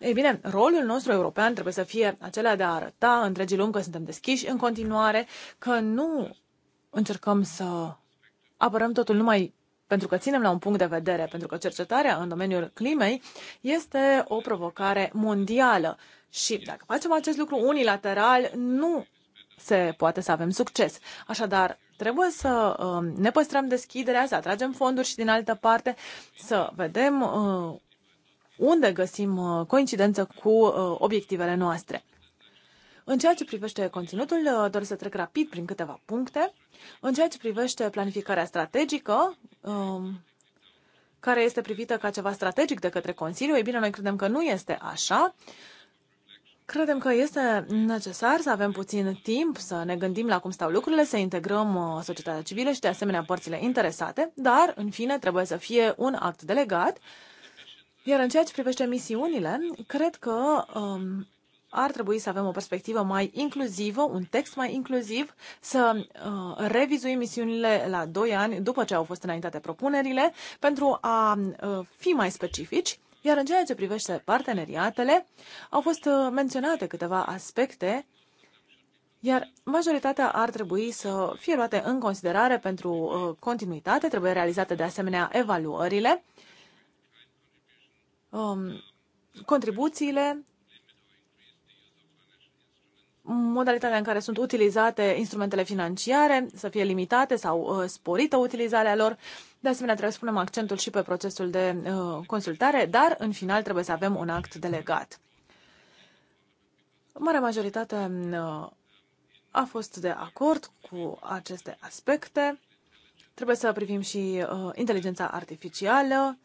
Ei bine, rolul nostru european trebuie să fie acela de a arăta întregii lumi că suntem deschiși în continuare, că nu încercăm să apărăm totul numai pentru că ținem la un punct de vedere, pentru că cercetarea în domeniul climei este o provocare mondială și dacă facem acest lucru unilateral, nu se poate să avem succes. Așadar, trebuie să uh, ne păstrăm deschiderea, să atragem fonduri și din altă parte, să vedem uh, unde găsim uh, coincidență cu uh, obiectivele noastre. În ceea ce privește conținutul, uh, doresc să trec rapid prin câteva puncte. În ceea ce privește planificarea strategică, um, care este privită ca ceva strategic de către Consiliu, ei bine, noi credem că nu este așa. Credem că este necesar să avem puțin timp să ne gândim la cum stau lucrurile, să integrăm societatea civilă și de asemenea părțile interesate, dar, în fine, trebuie să fie un act delegat iar în ceea ce privește misiunile, cred că um, ar trebui să avem o perspectivă mai inclusivă, un text mai inclusiv, să uh, revizuim misiunile la 2 ani după ce au fost înaintate propunerile, pentru a uh, fi mai specifici. Iar în ceea ce privește parteneriatele, au fost uh, menționate câteva aspecte, iar majoritatea ar trebui să fie luate în considerare pentru uh, continuitate, trebuie realizate de asemenea evaluările um, contribuțiile, modalitatea în care sunt utilizate instrumentele financiare, să fie limitate sau uh, sporită utilizarea lor. De asemenea, trebuie să punem accentul și pe procesul de uh, consultare, dar în final trebuie să avem un act delegat. Marea majoritate uh, a fost de acord cu aceste aspecte. Trebuie să privim și uh, inteligența artificială,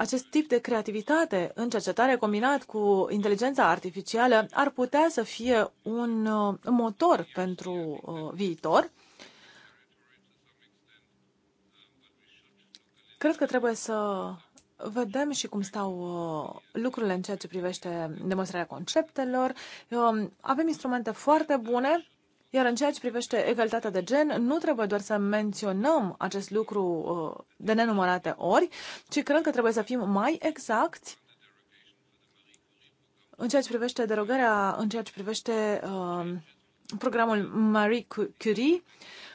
acest tip de creativitate în cercetare combinat cu inteligența artificială ar putea să fie un uh, motor pentru uh, viitor. Cred că trebuie să vedem și cum stau uh, lucrurile în ceea ce privește demonstrarea conceptelor. Avem instrumente foarte bune iar în ceea ce privește egalitatea de gen, nu trebuie doar să menționăm acest lucru uh, de nenumărate ori, ci cred că trebuie să fim mai exacti în ceea ce privește derogarea, în ceea ce privește uh, programul Marie Curie.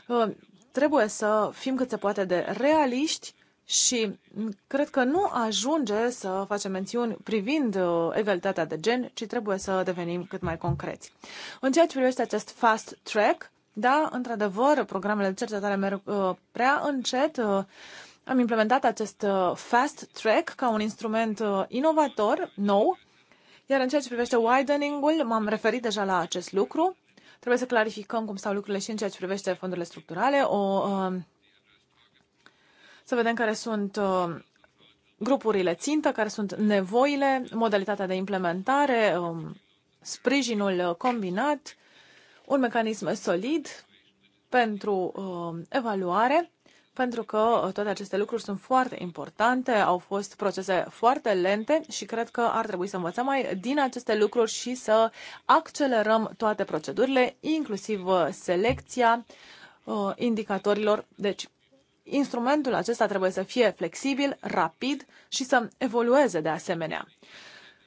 Uh, trebuie să fim cât se poate de realiști și cred că nu ajunge să facem mențiuni privind uh, egalitatea de gen, ci trebuie să devenim cât mai concreți. În ceea ce privește acest fast track, da, într-adevăr, programele de cercetare merg uh, prea încet. Uh, am implementat acest uh, fast track ca un instrument uh, inovator, nou, iar în ceea ce privește widening-ul, m-am referit deja la acest lucru. Trebuie să clarificăm cum stau lucrurile și în ceea ce privește fondurile structurale, o uh, să vedem care sunt uh, grupurile țintă, care sunt nevoile, modalitatea de implementare, um, sprijinul uh, combinat, un mecanism solid pentru um, evaluare, pentru că uh, toate aceste lucruri sunt foarte importante, au fost procese foarte lente și cred că ar trebui să învățăm mai din aceste lucruri și să accelerăm toate procedurile, inclusiv selecția indicatorilor. Deci, instrumentul acesta trebuie să fie flexibil, rapid și să evolueze de asemenea.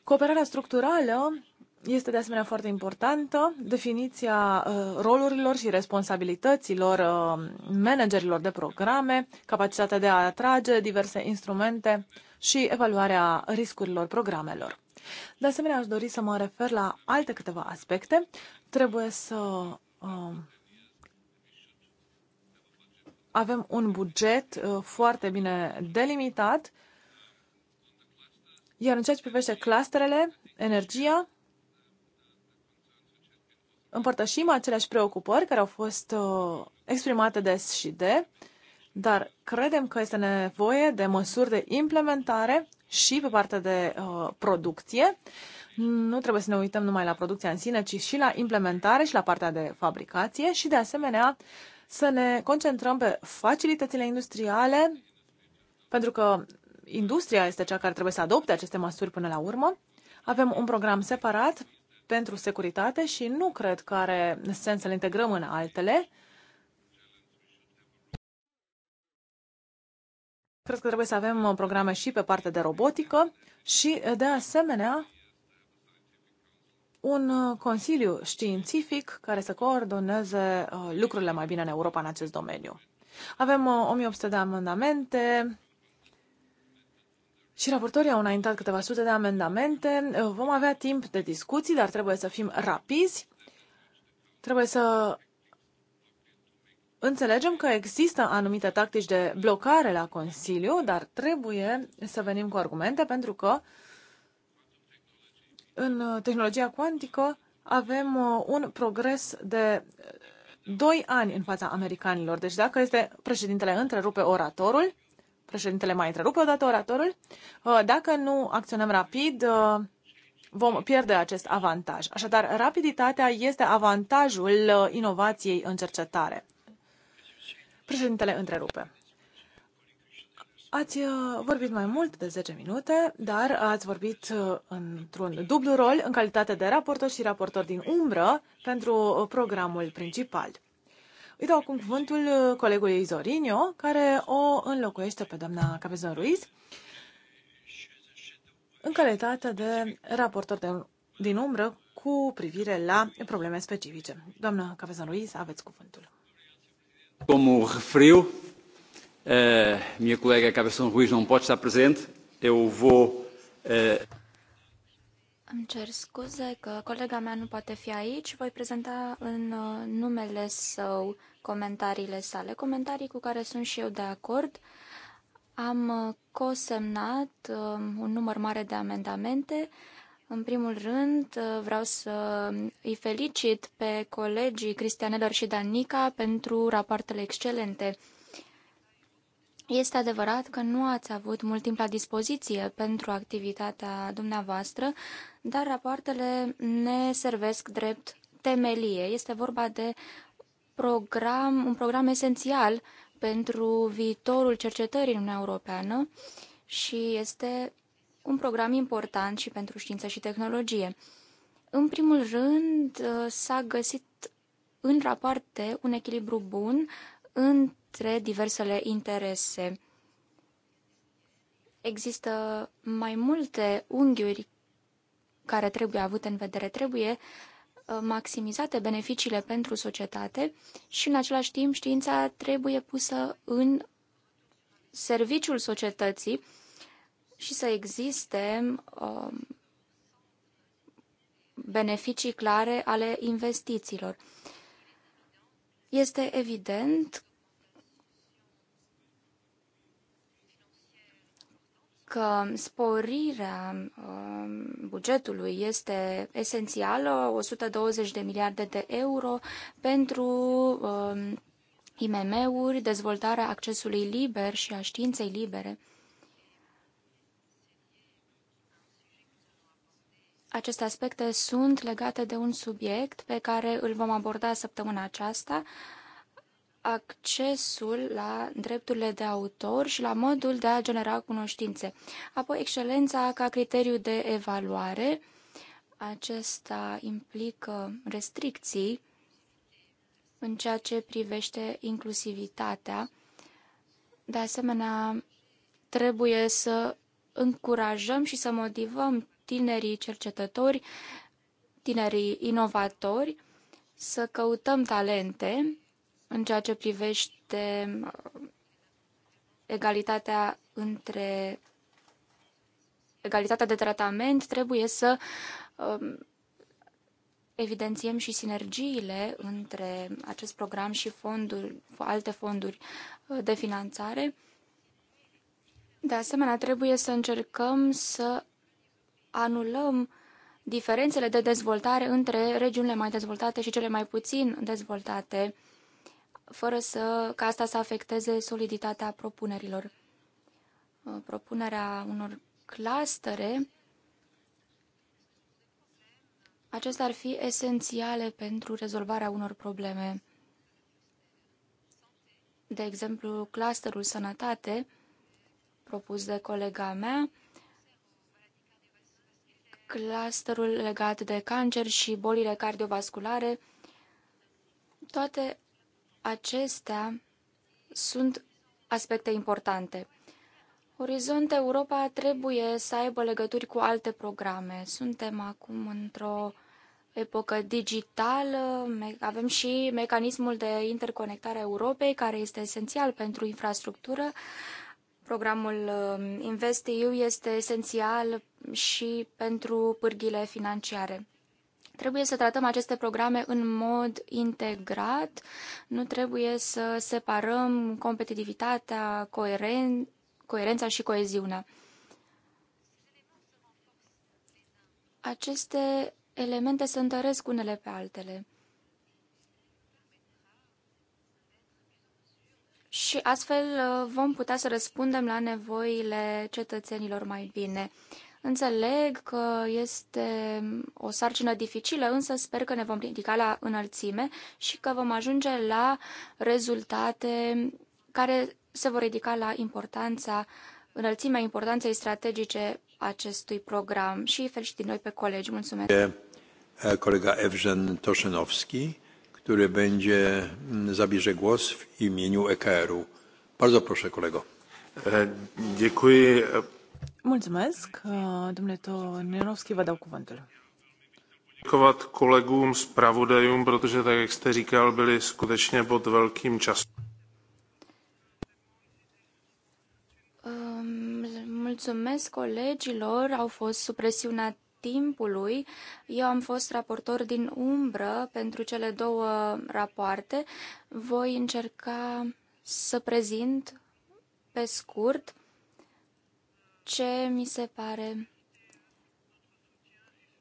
Cooperarea structurală este de asemenea foarte importantă definiția uh, rolurilor și responsabilităților uh, managerilor de programe, capacitatea de a atrage diverse instrumente și evaluarea riscurilor programelor. De asemenea, aș dori să mă refer la alte câteva aspecte. Trebuie să uh, avem un buget uh, foarte bine delimitat, iar în ceea ce privește clusterele, energia, împărtășim aceleași preocupări care au fost uh, exprimate de S și D, dar credem că este nevoie de măsuri de implementare și pe partea de uh, producție. Nu trebuie să ne uităm numai la producția în sine, ci și la implementare și la partea de fabricație și, de asemenea, să ne concentrăm pe facilitățile industriale, pentru că industria este cea care trebuie să adopte aceste măsuri până la urmă. Avem un program separat pentru securitate și nu cred că are sens să le integrăm în altele. Cred că trebuie să avem programe și pe partea de robotică și, de asemenea, un uh, consiliu științific care să coordoneze uh, lucrurile mai bine în Europa în acest domeniu. Avem 1800 uh, de amendamente și raportorii au înaintat câteva sute de amendamente. Vom avea timp de discuții, dar trebuie să fim rapizi. Trebuie să Înțelegem că există anumite tactici de blocare la Consiliu, dar trebuie să venim cu argumente pentru că în uh, tehnologia cuantică avem uh, un progres de uh, doi ani în fața americanilor. Deci dacă este președintele întrerupe oratorul, președintele mai întrerupe odată oratorul, dacă nu acționăm rapid, vom pierde acest avantaj. Așadar, rapiditatea este avantajul inovației în cercetare. Președintele întrerupe. Ați uh, vorbit mai mult de 10 minute, dar ați vorbit uh, într-un dublu rol în calitate de raportor și raportor din umbră pentru uh, programul principal. Îi dau acum cuvântul colegului Zorinio, care o înlocuiește pe doamna Cabezon Ruiz, în calitate de raportor de, din umbră cu privire la probleme specifice. Doamna Cabezon Ruiz, aveți cuvântul.
Como referiu, Uh, minha colega Cabeção Ruiz não pode estar presente. Eu vou. Uh...
Îmi cer scuze că colega mea nu poate fi aici. Voi prezenta în uh, numele său comentariile sale, comentarii cu care sunt și eu de acord. Am uh, cosemnat uh, un număr mare de amendamente. În primul rând, vreau să îi felicit pe colegii Cristianelor și Danica pentru rapoartele excelente este adevărat că nu ați avut mult timp la dispoziție pentru activitatea dumneavoastră, dar rapoartele ne servesc drept temelie. Este vorba de program, un program esențial pentru viitorul cercetării în Uniunea Europeană și este un program important și pentru știință și tehnologie. În primul rând, s-a găsit în rapoarte un echilibru bun în între diversele interese. Există mai multe unghiuri care trebuie avute în vedere. Trebuie uh, maximizate beneficiile pentru societate și, în același timp, știința trebuie pusă în serviciul societății și să existe um, beneficii clare ale investițiilor. Este evident că sporirea um, bugetului este esențială, 120 de miliarde de euro pentru um, IMM-uri, dezvoltarea accesului liber și a științei libere. Aceste aspecte sunt legate de un subiect pe care îl vom aborda săptămâna aceasta, accesul la drepturile de autor și la modul de a genera cunoștințe. Apoi, excelența ca criteriu de evaluare. Acesta implică restricții în ceea ce privește inclusivitatea. De asemenea, trebuie să încurajăm și să motivăm tinerii cercetători, tinerii inovatori, să căutăm talente în ceea ce privește uh, egalitatea între egalitatea de tratament, trebuie să um, evidențiem și sinergiile între acest program și fonduri, alte fonduri uh, de finanțare. De asemenea, trebuie să încercăm să anulăm diferențele de dezvoltare între regiunile mai dezvoltate și cele mai puțin dezvoltate fără să, ca asta să afecteze soliditatea propunerilor. Uh, propunerea unor clastere, acestea ar fi esențiale pentru rezolvarea unor probleme. De exemplu, clusterul sănătate, propus de colega mea, clusterul legat de cancer și bolile cardiovasculare, toate Acestea sunt aspecte importante. Orizont Europa trebuie să aibă legături cu alte programe. Suntem acum într-o epocă digitală, avem și mecanismul de interconectare a Europei, care este esențial pentru infrastructură. Programul um, InvestEU este esențial și pentru pârghile financiare. Trebuie să tratăm aceste programe în mod integrat, nu trebuie să separăm competitivitatea, coeren coerența și coeziunea. Aceste elemente se întăresc unele pe altele. Și astfel uh, vom putea să răspundem la nevoile cetățenilor mai bine. Înțeleg că este o sarcină dificilă, însă sper că ne vom ridica la înălțime și că vom ajunge la rezultate care se vor ridica la importanța, înălțimea importanței strategice acestui program și felicit din noi pe colegi. Mulțumesc!
Colega Evgen care va będzie, zabierze głos w imieniu EKR-u. Bardzo proszę, kolego. Dziękuję
Mulțumesc, uh, domnule Tonerovski, vă dau cuvântul.
Děkovat kolegům, zpravodajům, protože, tak jak jste říkal, byli skutečně pod velkým
časem.
Um, mulțumesc colegilor, au fost sub presiunea timpului. Eu am fost raportor din umbră pentru cele două rapoarte. Voi încerca să prezint pe scurt ce mi se pare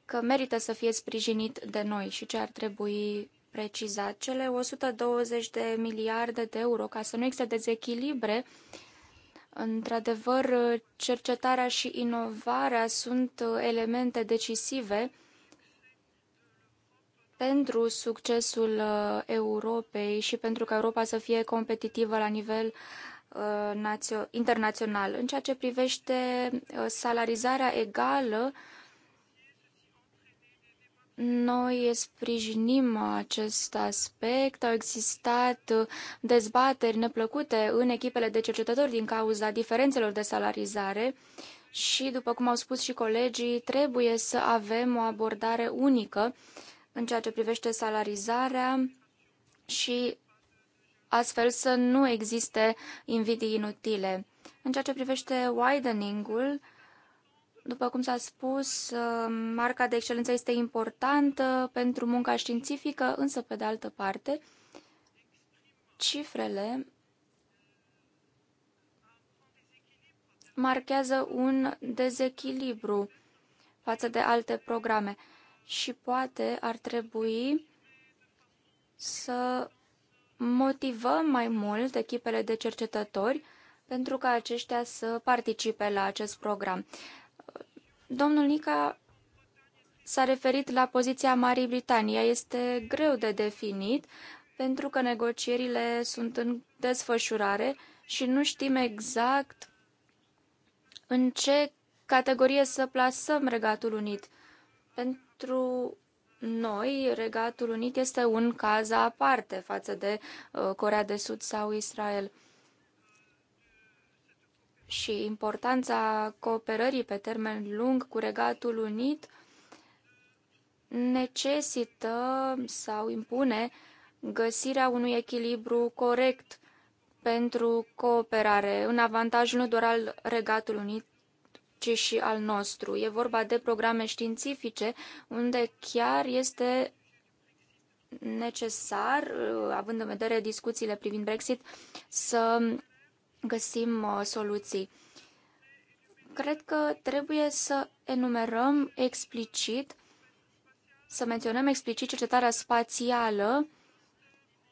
că merită să fie sprijinit de noi și ce ar trebui precizat. Cele 120 de miliarde de euro, ca să nu există dezechilibre, într-adevăr, cercetarea și inovarea sunt elemente decisive pentru succesul uh, Europei și pentru ca Europa să fie competitivă la nivel uh, Uh, internațional. În ceea ce privește uh, salarizarea egală, noi sprijinim acest aspect. Au existat uh, dezbateri neplăcute în echipele de cercetători din cauza diferențelor de salarizare și, după cum au spus și colegii, trebuie să avem o abordare unică în ceea ce privește salarizarea și astfel să nu existe invidii inutile. În ceea ce privește widening-ul, după cum s-a spus, uh, marca de excelență este importantă pentru munca științifică, însă, pe de altă parte, cifrele marchează un dezechilibru față de alte programe și poate ar trebui să motivăm mai mult echipele de cercetători pentru ca aceștia să participe la acest program. Domnul Nica s-a referit la poziția Marii Britanii. este greu de definit pentru că negocierile sunt în desfășurare și nu știm exact în ce categorie să plasăm Regatul Unit. Pentru noi, Regatul Unit este un caz aparte față de uh, Corea de Sud sau Israel. Și importanța cooperării pe termen lung cu Regatul Unit necesită sau impune găsirea unui echilibru corect pentru cooperare, Un avantaj nu doar al Regatului Unit, ci și al nostru. E vorba de programe științifice, unde chiar este necesar, uh, având în vedere discuțiile privind Brexit, să găsim uh, soluții. Cred că trebuie să enumerăm explicit, să menționăm explicit cercetarea spațială,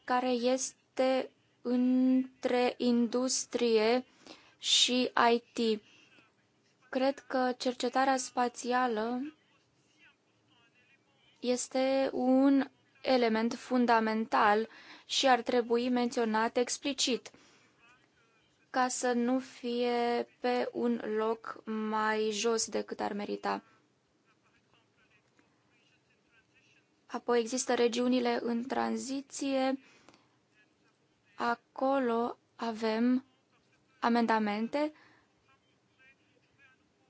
care este între industrie și IT Cred că cercetarea spațială este un element fundamental și ar trebui menționat explicit ca să nu fie pe un loc mai jos decât ar merita. Apoi există regiunile în tranziție. Acolo avem amendamente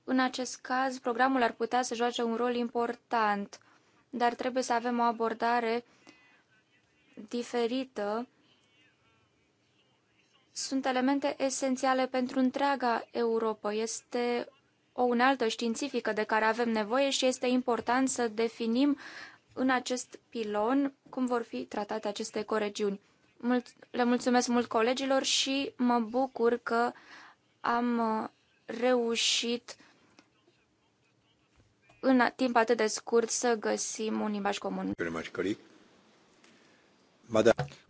în acest caz, programul ar putea să joace un rol important, dar trebuie să avem o abordare diferită. Sunt elemente esențiale pentru întreaga Europa. Este o unealtă științifică de care avem nevoie și este important să definim în acest pilon cum vor fi tratate aceste coregiuni. Le mulțumesc mult colegilor și mă bucur că am reușit în timp atât de scurt să găsim un limbaj comun.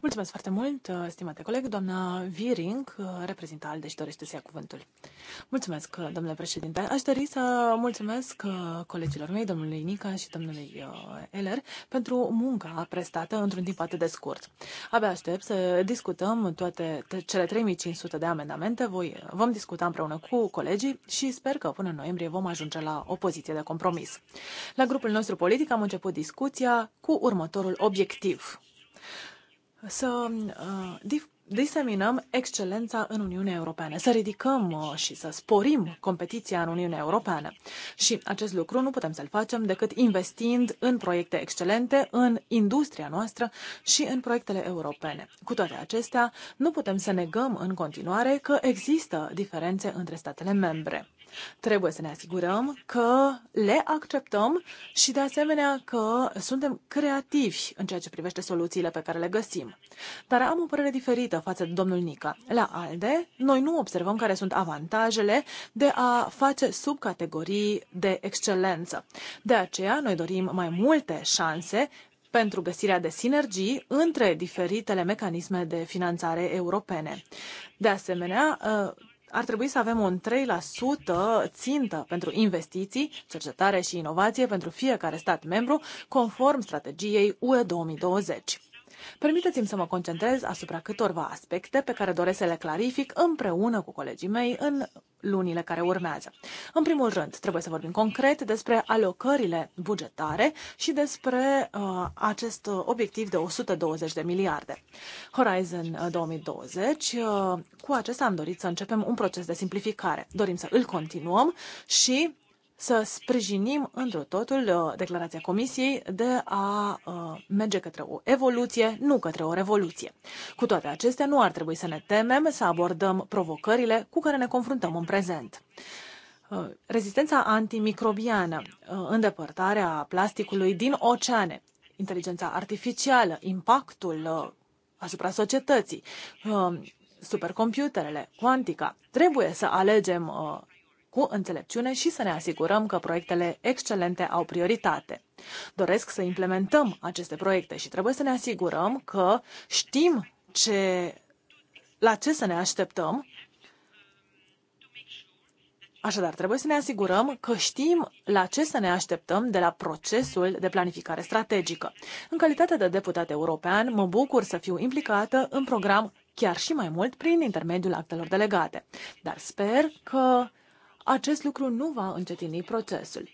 Mulțumesc foarte mult, uh, stimate
coleg. Doamna Viring, uh, reprezintă al, deci dorește să ia cuvântul. Mulțumesc, uh, domnule președinte. Aș dori să mulțumesc colegilor mei, domnului Nica și domnului Eller, pentru munca prestată într-un timp atât de scurt. Abia aștept să discutăm toate cele 3500 de amendamente. Voi, vom discuta împreună cu colegii și sper că până în noiembrie vom ajunge la o poziție de compromis. La grupul nostru politic am început discuția cu următorul obiectiv să uh, diseminăm excelența în Uniunea Europeană, să ridicăm uh, și să sporim competiția în Uniunea Europeană. Și acest lucru nu putem să-l facem decât investind în proiecte excelente, în industria noastră și în proiectele europene. Cu toate acestea, nu putem să negăm în continuare că există diferențe între statele membre. Trebuie să ne asigurăm că le acceptăm și de asemenea că suntem creativi în ceea ce privește soluțiile pe care le găsim. Dar am o părere diferită față de domnul Nica. La ALDE, noi nu observăm care sunt avantajele de a face subcategorii de excelență. De aceea, noi dorim mai multe șanse pentru găsirea de sinergii între diferitele mecanisme de finanțare europene. De asemenea, ar trebui să avem un 3% țintă pentru investiții, cercetare și inovație pentru fiecare stat membru, conform strategiei UE 2020. Permiteți-mi să mă concentrez asupra câtorva aspecte pe care doresc să le clarific împreună cu colegii mei în lunile care urmează. În primul rând, trebuie să vorbim concret despre alocările bugetare și despre uh, acest obiectiv de 120 de miliarde. Horizon 2020, uh, uh, cu acesta am dorit să începem un proces de simplificare. Dorim să îl continuăm și să sprijinim întru totul uh, declarația Comisiei de a uh, merge către o evoluție, nu către o revoluție. Cu toate acestea, nu ar trebui să ne temem să abordăm provocările cu care ne confruntăm în prezent. Uh, rezistența antimicrobiană, îndepărtarea plasticului din oceane, inteligența artificială, impactul asupra societății, supercomputerele, cuantica. Trebuie să alegem cu înțelepciune și să ne asigurăm că proiectele excelente au prioritate. Doresc să implementăm aceste proiecte și trebuie să ne asigurăm că știm ce, la ce să ne așteptăm. Așadar, trebuie să ne asigurăm că știm la ce să ne așteptăm de la procesul de planificare strategică. În calitate de deputat european, mă bucur să fiu implicată în program chiar și mai mult prin intermediul actelor delegate. Dar sper că acest lucru nu va încetini procesul.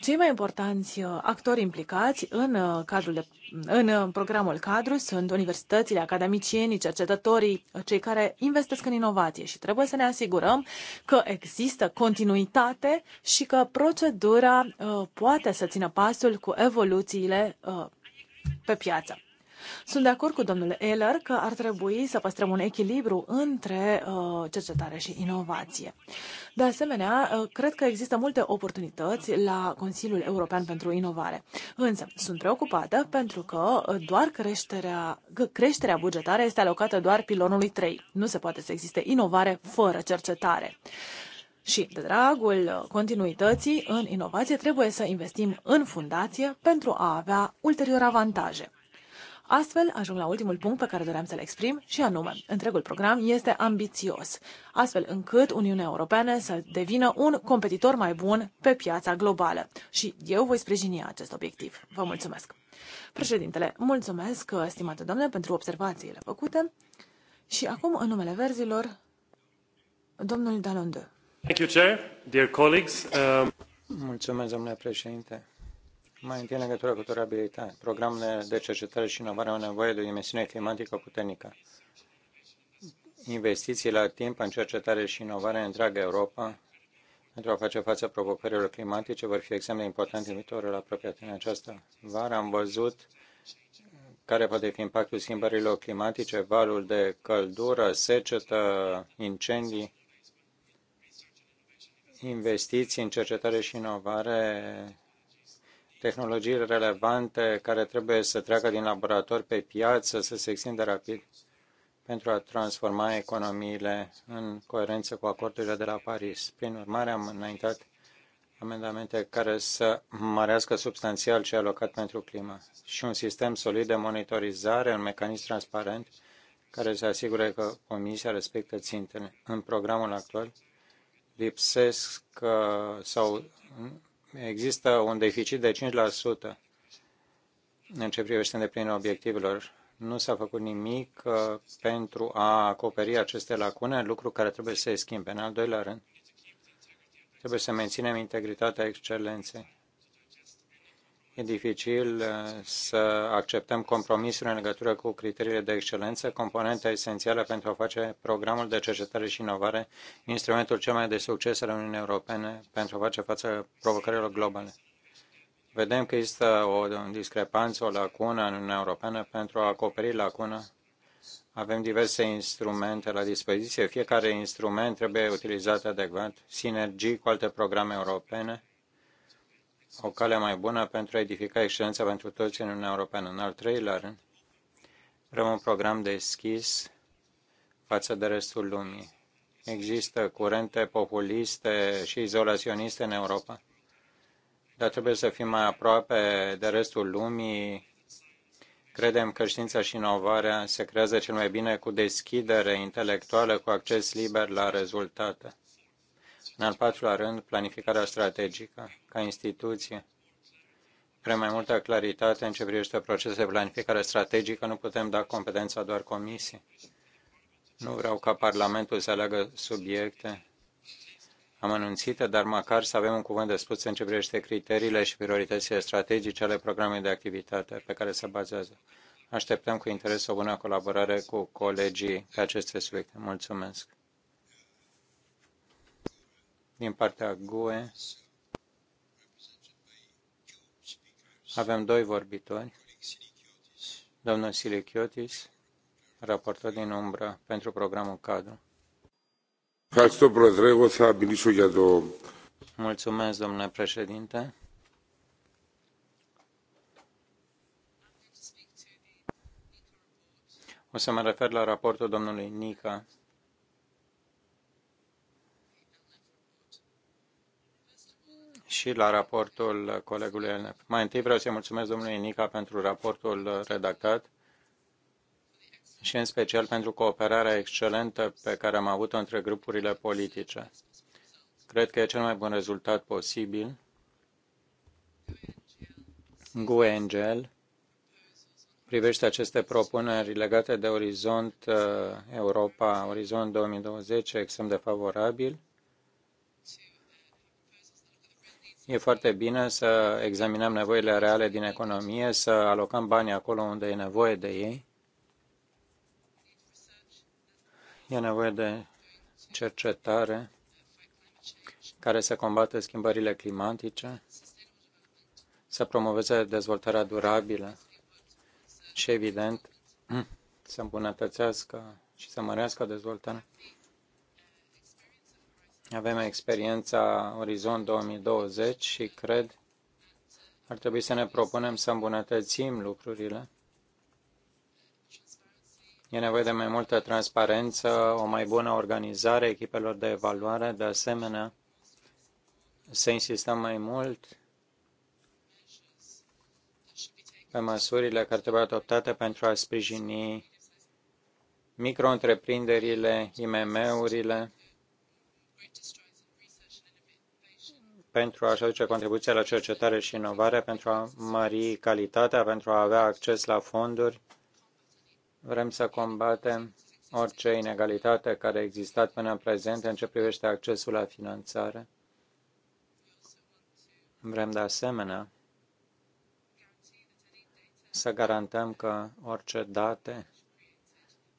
Cei mai importanți uh, actori implicați în, uh, cadrul de, în uh, programul cadru sunt universitățile, academicienii, cercetătorii, cei care investesc în inovație și trebuie să ne asigurăm că există continuitate și că procedura poate să țină pasul cu evoluțiile pe piață. Sunt de acord cu domnul Eller că ar trebui să păstrăm un echilibru între uh, cercetare și inovație. De asemenea, uh, cred că există multe oportunități la Consiliul European pentru Inovare. Însă, sunt preocupată pentru că uh, doar creșterea, că creșterea bugetară este alocată doar pilonului 3. Nu se poate să existe inovare fără cercetare. Și, de dragul continuității în inovație, trebuie să investim în fundație pentru a avea ulterior avantaje. Astfel, ajung la ultimul punct pe care doream să-l exprim și anume, întregul program este ambițios, astfel încât Uniunea Europeană să devină un competitor mai bun pe piața globală. Și eu voi sprijini acest obiectiv. Vă mulțumesc! Președintele, mulțumesc, stimate domnule, pentru observațiile făcute. Și acum, în numele verzilor, domnul Dalonde. Thank you, Chair.
Dear colleagues, um... Mulțumesc, domnule președinte. Mai întâi, legătură cu durabilitate, programele de cercetare și inovare au nevoie de o dimensiune climatică puternică. Investiții la timp în cercetare și inovare în întreaga Europa pentru a face față provocărilor climatice vor fi exemple importante în viitorul apropiat. În această vară am văzut care poate fi impactul schimbărilor climatice, valul de căldură, secetă, incendii, investiții în cercetare și inovare tehnologii relevante care trebuie să treacă din laborator pe piață, să se extindă rapid pentru a transforma economiile în coerență cu acordurile de la Paris. Prin urmare, am înaintat amendamente care să mărească substanțial ce alocat pentru climă și un sistem solid de monitorizare, un mecanism transparent care să asigure că Comisia respectă țintele. În programul actual lipsesc uh, sau există un deficit de 5% în ce privește îndeplinirea obiectivelor. Nu s-a făcut nimic uh, pentru a acoperi aceste lacune, lucru care trebuie să se schimbe. În al doilea rând, trebuie să menținem integritatea excelenței. E dificil uh, să acceptăm compromisuri în legătură cu criteriile de excelență, componenta esențială pentru a face programul de cercetare și inovare instrumentul cel mai de succes al Uniunii Europene pentru a face față provocărilor globale. Vedem că există o discrepanță, o lacună în Uniunea Europeană. Pentru a acoperi lacuna, avem diverse instrumente la dispoziție. Fiecare instrument trebuie utilizat adecvat, sinergii cu alte programe europene, o cale mai bună pentru a edifica excelența pentru toți în Uniunea Europeană. În al treilea rând, vrem un program deschis față de restul lumii. Există curente populiste și izolaționiste în Europa, dar trebuie să fim mai aproape de restul lumii. Credem că știința și inovarea se creează cel mai bine cu deschidere intelectuală, cu acces liber la rezultate în al patrulea rând, planificarea strategică ca instituție spre mai multă claritate în ce privește procesul de planificare strategică, nu putem da competența doar comisiei. Nu vreau ca Parlamentul să aleagă subiecte amănunțite, dar măcar să avem un cuvânt de spus în ce privește criteriile și prioritățile strategice ale programului de activitate pe care se bazează. Așteptăm cu interes o bună colaborare cu colegii pe aceste subiecte. Mulțumesc! din partea GUE avem doi vorbitori, domnul Silichiotis, raportor din umbră pentru programul cadru. Mulțumesc, domnule președinte. O să mă refer la raportul domnului Nica și la raportul colegului Elnep. Mai întâi vreau să-i mulțumesc domnului Nica pentru raportul redactat și în special pentru cooperarea excelentă pe care am avut-o între grupurile politice. Cred că e cel mai bun rezultat posibil. GUE Angel privește aceste propuneri legate de Orizont uh, Europa, Orizont 2020, extrem de favorabil E foarte bine să examinăm nevoile reale din economie, să alocăm banii acolo unde e nevoie de ei. E nevoie de cercetare care să combată schimbările climatice, să promoveze dezvoltarea durabilă și, evident, să îmbunătățească și să mărească dezvoltarea avem experiența Orizont 2020 și cred ar trebui să ne propunem să îmbunătățim lucrurile. E nevoie de mai multă transparență, o mai bună organizare echipelor de evaluare, de asemenea să insistăm mai mult pe măsurile care trebuie adoptate pentru a sprijini micro-întreprinderile, IMM-urile, pentru a-și aduce contribuția la cercetare și inovare, pentru a mări calitatea, pentru a avea acces la fonduri. Vrem să combatem orice inegalitate care a existat până în prezent în ce privește accesul la finanțare. Vrem de asemenea să garantăm că orice date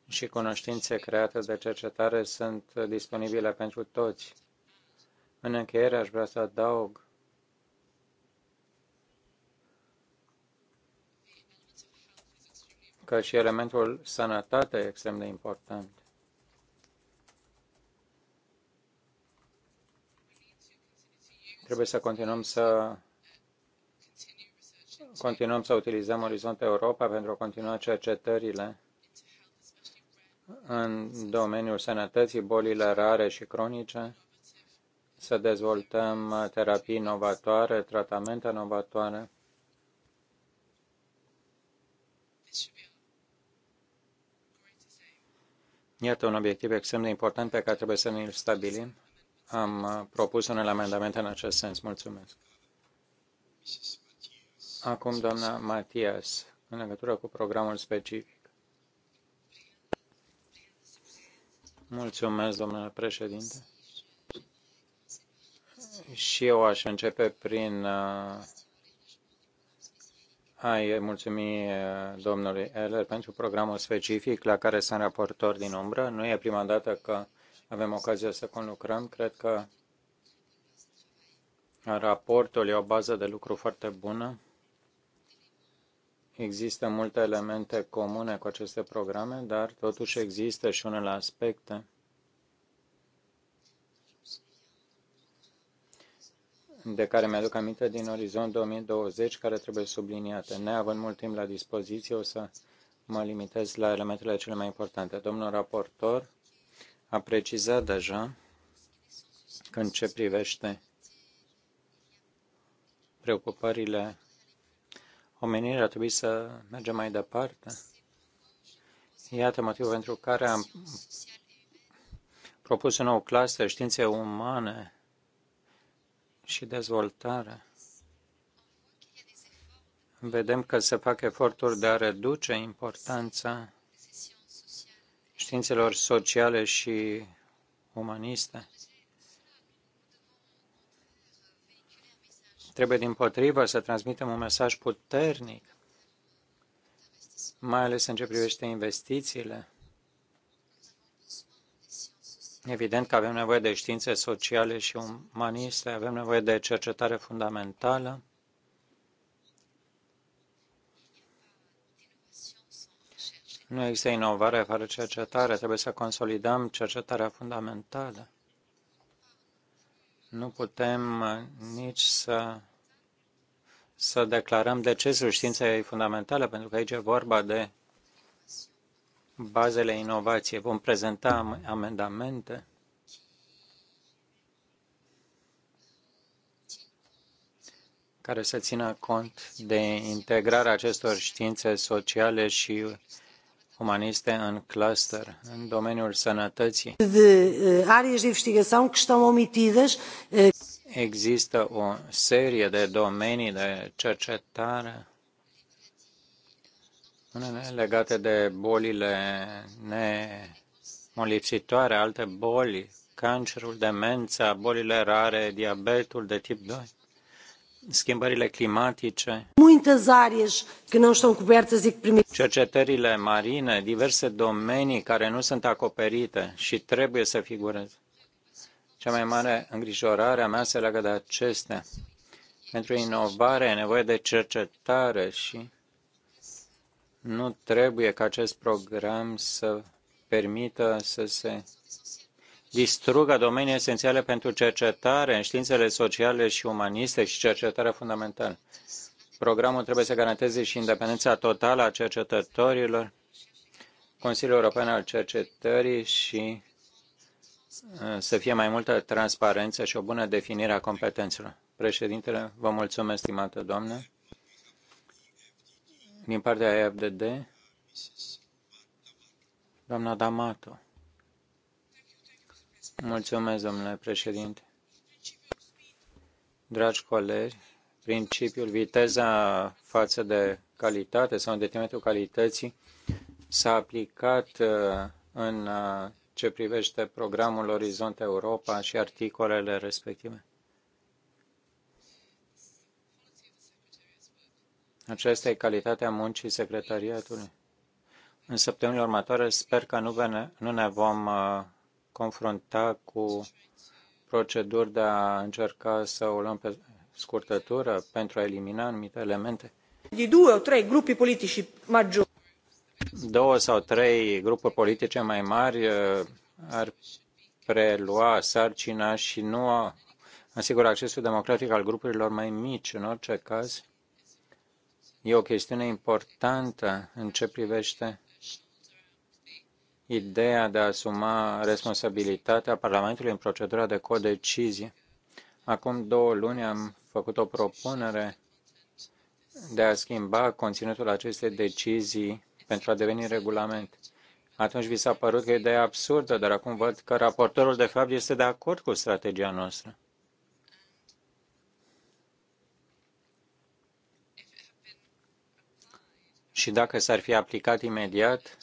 și cunoștințe create de cercetare sunt disponibile pentru toți în încheiere aș vrea să adaug că și elementul sănătate e extrem de important. Trebuie să continuăm să continuăm să utilizăm Orizont Europa pentru a continua cercetările în domeniul sănătății, bolile rare și cronice să dezvoltăm uh, terapii inovatoare, tratamente inovatoare. Iată un obiectiv extrem de important pe care trebuie să ne-l stabilim. Am uh, propus unele amendamente în acest sens. Mulțumesc. Acum, doamna Matias, în legătură cu programul specific. Mulțumesc, domnule președinte. Și eu aș începe prin uh, ai mulțumi uh, domnului Eller pentru programul specific la care sunt raportor din umbră. Nu e prima dată că avem ocazia să conlucrăm. Cred că raportul e o bază de lucru foarte bună. Există multe elemente comune cu aceste programe, dar totuși există și unele aspecte de care mi-aduc aminte din orizont 2020 care trebuie subliniate. Neavând mult timp la dispoziție, o să mă limitez la elementele cele mai importante. Domnul raportor a precizat deja că în ce privește preocupările omenirii ar trebui să mergem mai departe. Iată motivul pentru care am propus un nou clasă științe umane și dezvoltare, vedem că se fac eforturi de a reduce importanța științelor sociale și umaniste. Trebuie din potrivă să transmitem un mesaj puternic, mai ales în ce privește investițiile Evident că avem nevoie de științe sociale și umaniste, avem nevoie de cercetare fundamentală. Nu există inovare fără cercetare, trebuie să consolidăm cercetarea fundamentală. Nu putem uh, nici să, să declarăm decesul științei fundamentale, pentru că aici e vorba de bazele inovației. Vom prezenta amendamente. care să țină cont de integrarea acestor științe sociale și umaniste în cluster, în domeniul sănătății.
De eh, áreas de investigação que estão omitidas. Eh,
Există o serie de domenii de cercetare unele legate de bolile nemolipsitoare, alte boli, cancerul, demența, bolile rare, diabetul de tip 2 schimbările climatice,
Multe áreas
cercetările marine, diverse domenii care nu sunt acoperite și trebuie să figureze. Cea mai mare îngrijorare a mea se legă de acestea. Pentru inovare e nevoie de cercetare și nu trebuie ca acest program să permită să se distrugă domenii esențiale pentru cercetare în științele sociale și umaniste și cercetarea fundamentală. Programul trebuie să garanteze și independența totală a cercetătorilor, Consiliul European al Cercetării și uh, să fie mai multă transparență și o bună definire a competențelor. Președintele, vă mulțumesc, stimată doamnă din partea EFDD, doamna D'Amato. Mulțumesc, domnule președinte. Dragi colegi, principiul viteza față de calitate sau în detrimentul calității s-a aplicat uh, în uh, ce privește programul Orizont Europa și articolele respective. Aceasta e calitatea muncii secretariatului. În săptămâna următoare sper că nu, vene, nu ne vom uh, confrunta cu proceduri de a încerca să o luăm pe scurtătură pentru a elimina anumite elemente. De două
trei grupuri politici maggiori.
Două sau trei grupuri politice mai mari uh, ar prelua sarcina și nu asigură accesul democratic al grupurilor mai mici. În orice caz, E o chestiune importantă în ce privește ideea de a asuma responsabilitatea Parlamentului în procedura de codecizie. Acum două luni am făcut o propunere de a schimba conținutul acestei decizii pentru a deveni regulament. Atunci vi s-a părut că e ideea absurdă, dar acum văd că raportorul de fapt este de acord cu strategia noastră. și dacă s-ar fi aplicat imediat,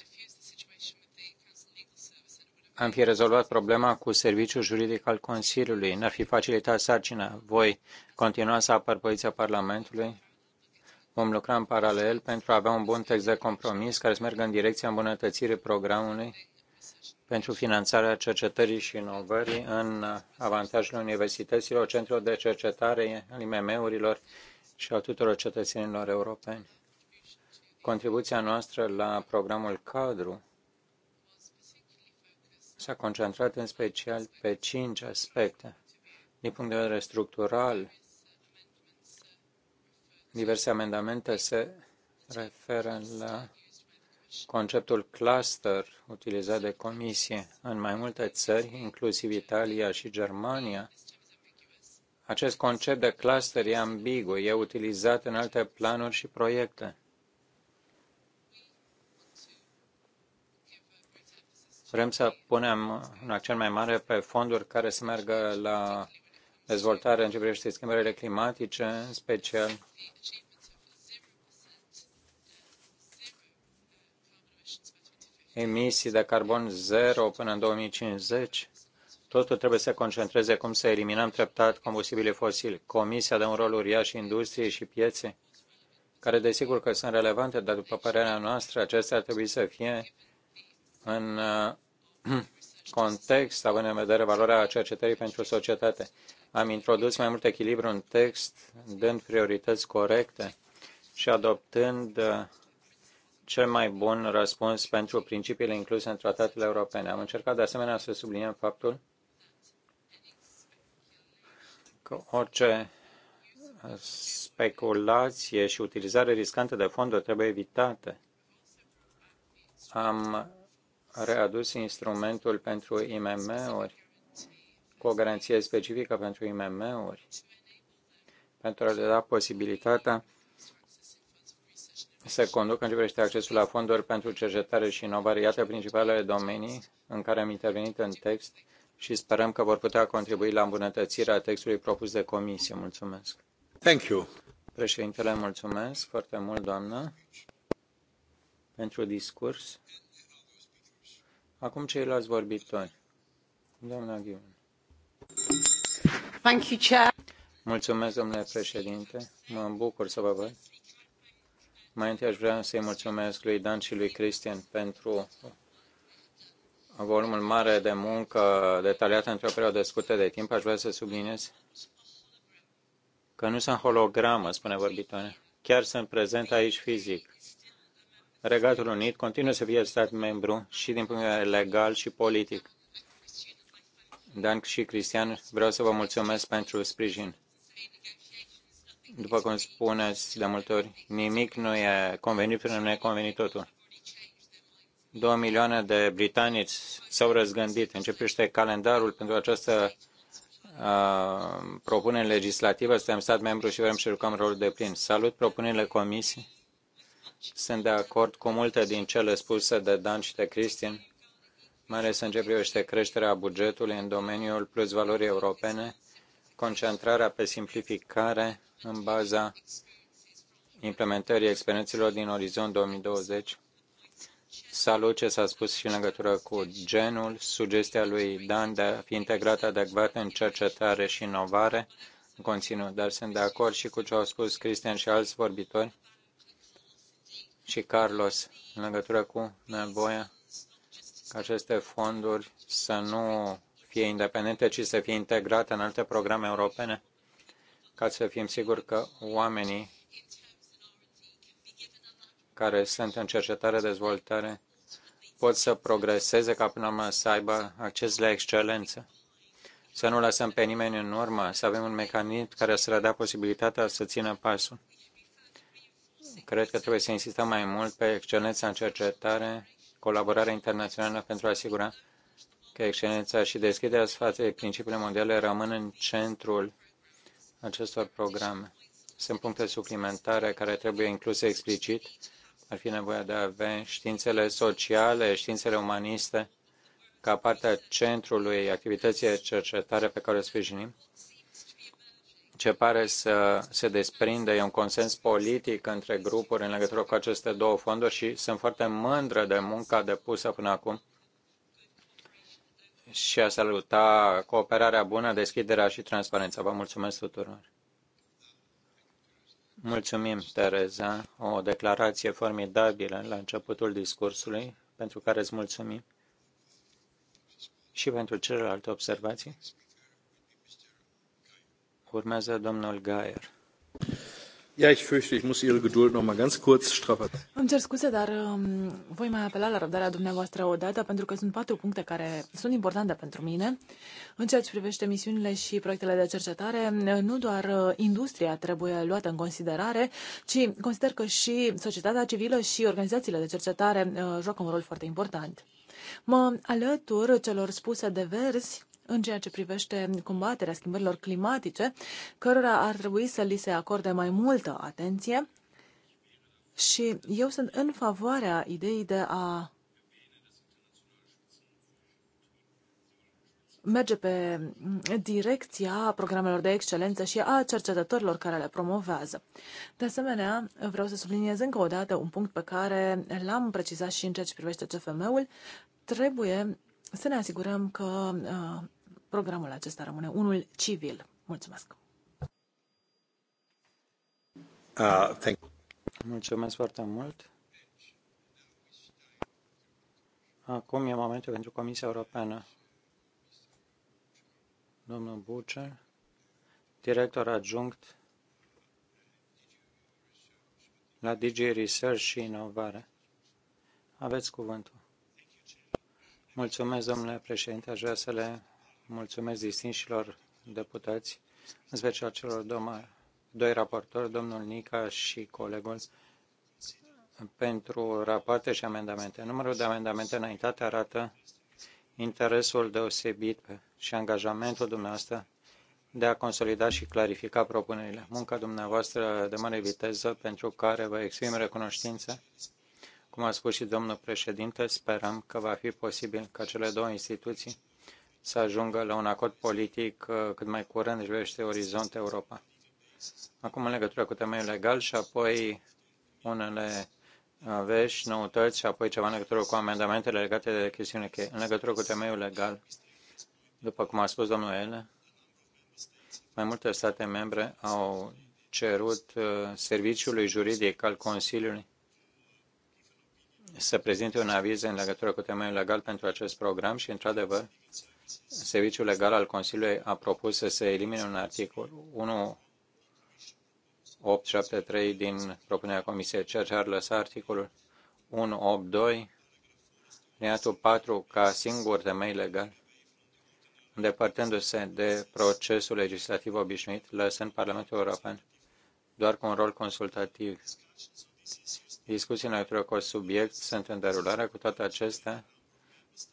am fi rezolvat problema cu serviciul juridic al Consiliului. N-ar fi facilitat sarcina. Voi continua să apăr poziția Parlamentului. Vom lucra în paralel pentru a avea un bun text de compromis care să meargă în direcția îmbunătățirii programului pentru finanțarea cercetării și inovării în avantajele universităților, centrelor de cercetare, al IMM-urilor și a tuturor cetățenilor europeni. Contribuția noastră la programul cadru s-a concentrat în special pe cinci aspecte. Din punct de vedere structural, diverse amendamente se referă la conceptul cluster utilizat de comisie în mai multe țări, inclusiv Italia și Germania. Acest concept de cluster e ambigu, e utilizat în alte planuri și proiecte. Vrem să punem un accent mai mare pe fonduri care să meargă la dezvoltare în ce privește schimbările climatice, în special emisii de carbon zero până în 2050. Totul trebuie să se concentreze cum să eliminăm treptat combustibilii fosili. Comisia dă un rol uriaș industriei și pieței, care desigur că sunt relevante, dar după părerea noastră acestea ar trebui să fie în uh, context, având în vedere valoarea cercetării pentru societate. Am introdus mai mult echilibru în text, dând priorități corecte și adoptând uh, cel mai bun răspuns pentru principiile incluse în tratatele europene. Am încercat de asemenea să subliniem faptul că orice speculație și utilizare riscantă de fonduri trebuie evitate. Am readus instrumentul pentru IMM-uri cu o garanție specifică pentru IMM-uri pentru a le da posibilitatea să conducă în ce privește accesul la fonduri pentru cercetare și inovare. Iată principalele domenii în care am intervenit în text și sperăm că vor putea contribui la îmbunătățirea textului propus de comisie. Mulțumesc. Thank you. Președintele, mulțumesc foarte mult, doamnă, pentru discurs. Acum ceilalți vorbitori. Doamna Ghiun.
Thank you, Chair.
Mulțumesc, domnule președinte. Mă bucur să vă văd. Mai întâi aș vrea să-i mulțumesc lui Dan și lui Cristian pentru volumul mare de muncă detaliată într-o perioadă scurtă de timp. Aș vrea să subliniez că nu sunt hologramă, spune vorbitoarea. Chiar sunt prezent aici fizic. Regatul Unit continuă să fie stat membru și din punct de vedere legal și politic. Dan și Cristian, vreau să vă mulțumesc pentru sprijin. După cum spuneți de multe ori, nimic nu e convenit până nu e convenit totul. Două milioane de britanici s-au răzgândit. Începește calendarul pentru această uh, propunere legislativă. Suntem stat membru și vrem să jucăm rolul de plin. Salut propunerile comisiei sunt de acord cu multe din cele spuse de Dan și de Cristin, mai ales în ce privește creșterea bugetului în domeniul plus valorii europene, concentrarea pe simplificare în baza implementării experiențelor din orizont 2020. Salut ce s-a spus și în legătură cu genul, sugestia lui Dan de a fi integrat adecvat în cercetare și inovare în conținut, dar sunt de acord și cu ce au spus Cristian și alți vorbitori și Carlos în legătură cu nevoia ca aceste fonduri să nu fie independente, ci să fie integrate în alte programe europene, ca să fim siguri că oamenii care sunt în cercetare, dezvoltare, pot să progreseze ca până la urmă să aibă acces la excelență. Să nu lăsăm pe nimeni în urmă, să avem un mecanism care să le dea posibilitatea să țină pasul. Cred că trebuie să insistăm mai mult pe excelența în cercetare, colaborarea internațională pentru a asigura că excelența și deschiderea față de principiile mondiale rămân în centrul acestor programe. Sunt puncte suplimentare care trebuie incluse explicit. Ar fi nevoie de a avea științele sociale, științele umaniste, ca parte a centrului activității de cercetare pe care o sprijinim ce pare să se desprinde e un consens politic între grupuri în legătură cu aceste două fonduri și sunt foarte mândră de munca depusă până acum și a saluta cooperarea bună, deschiderea și transparența. Vă mulțumesc tuturor! Mulțumim, Tereza, o declarație formidabilă la începutul discursului, pentru care îți mulțumim și pentru celelalte observații. Urmează domnul Gaier. Ja, ich fürchte, ich muss Ihre Geduld noch mal ganz kurz
strapazieren. Îmi cer scuze, dar um, voi mai apela la răbdarea dumneavoastră o dată, pentru că sunt patru puncte care sunt importante pentru mine. În ceea ce privește misiunile și proiectele de cercetare, nu doar uh, industria trebuie luată în considerare, ci consider că și societatea civilă și organizațiile de cercetare uh, joacă un rol foarte important. Mă alătur celor spuse de verzi în ceea ce privește combaterea schimbărilor climatice, cărora ar trebui să li se acorde mai multă atenție. Și eu sunt în favoarea ideii de a merge pe direcția programelor de excelență și a cercetătorilor care le promovează. De asemenea, vreau să subliniez încă o dată un punct pe care l-am precizat și în ceea ce privește CFM-ul. Trebuie să ne asigurăm că uh, programul acesta rămâne unul civil. Mulțumesc!
Uh, thank Mulțumesc foarte mult! Acum e momentul pentru Comisia Europeană. Domnul Buce, director adjunct la DG Research și Inovare. Aveți cuvântul. Mulțumesc, domnule președinte. Aș vrea să le Mulțumesc distinșilor deputați, în special celor doi, doi raportori, domnul Nica și colegul, pentru rapoarte și amendamente. Numărul de amendamente înaintate arată interesul deosebit și angajamentul dumneavoastră de a consolida și clarifica propunerile. Munca dumneavoastră de mare viteză pentru care vă exprim recunoștință. Cum a spus și domnul președinte, sperăm că va fi posibil ca cele două instituții să ajungă la un acord politic uh, cât mai curând și vește Orizont Europa. Acum în legătură cu temeiul legal și apoi unele uh, vești, noutăți și apoi ceva în legătură cu amendamentele legate de chestiune cheie. În legătură cu temeiul legal, după cum a spus domnul Ele, mai multe state membre au cerut uh, serviciului juridic al Consiliului să prezinte un aviz în legătură cu temeiul legal pentru acest program și, într-adevăr, Serviciul Legal al Consiliului a propus să se elimine un articol 1873 din propunerea Comisiei, ceea ce ar lăsa articolul 182, liniatul 4, ca singur temei legal, îndepărtându-se de procesul legislativ obișnuit, lăsând Parlamentul European doar cu un rol consultativ. Discuții în cu subiect sunt în derulare. Cu toate acestea,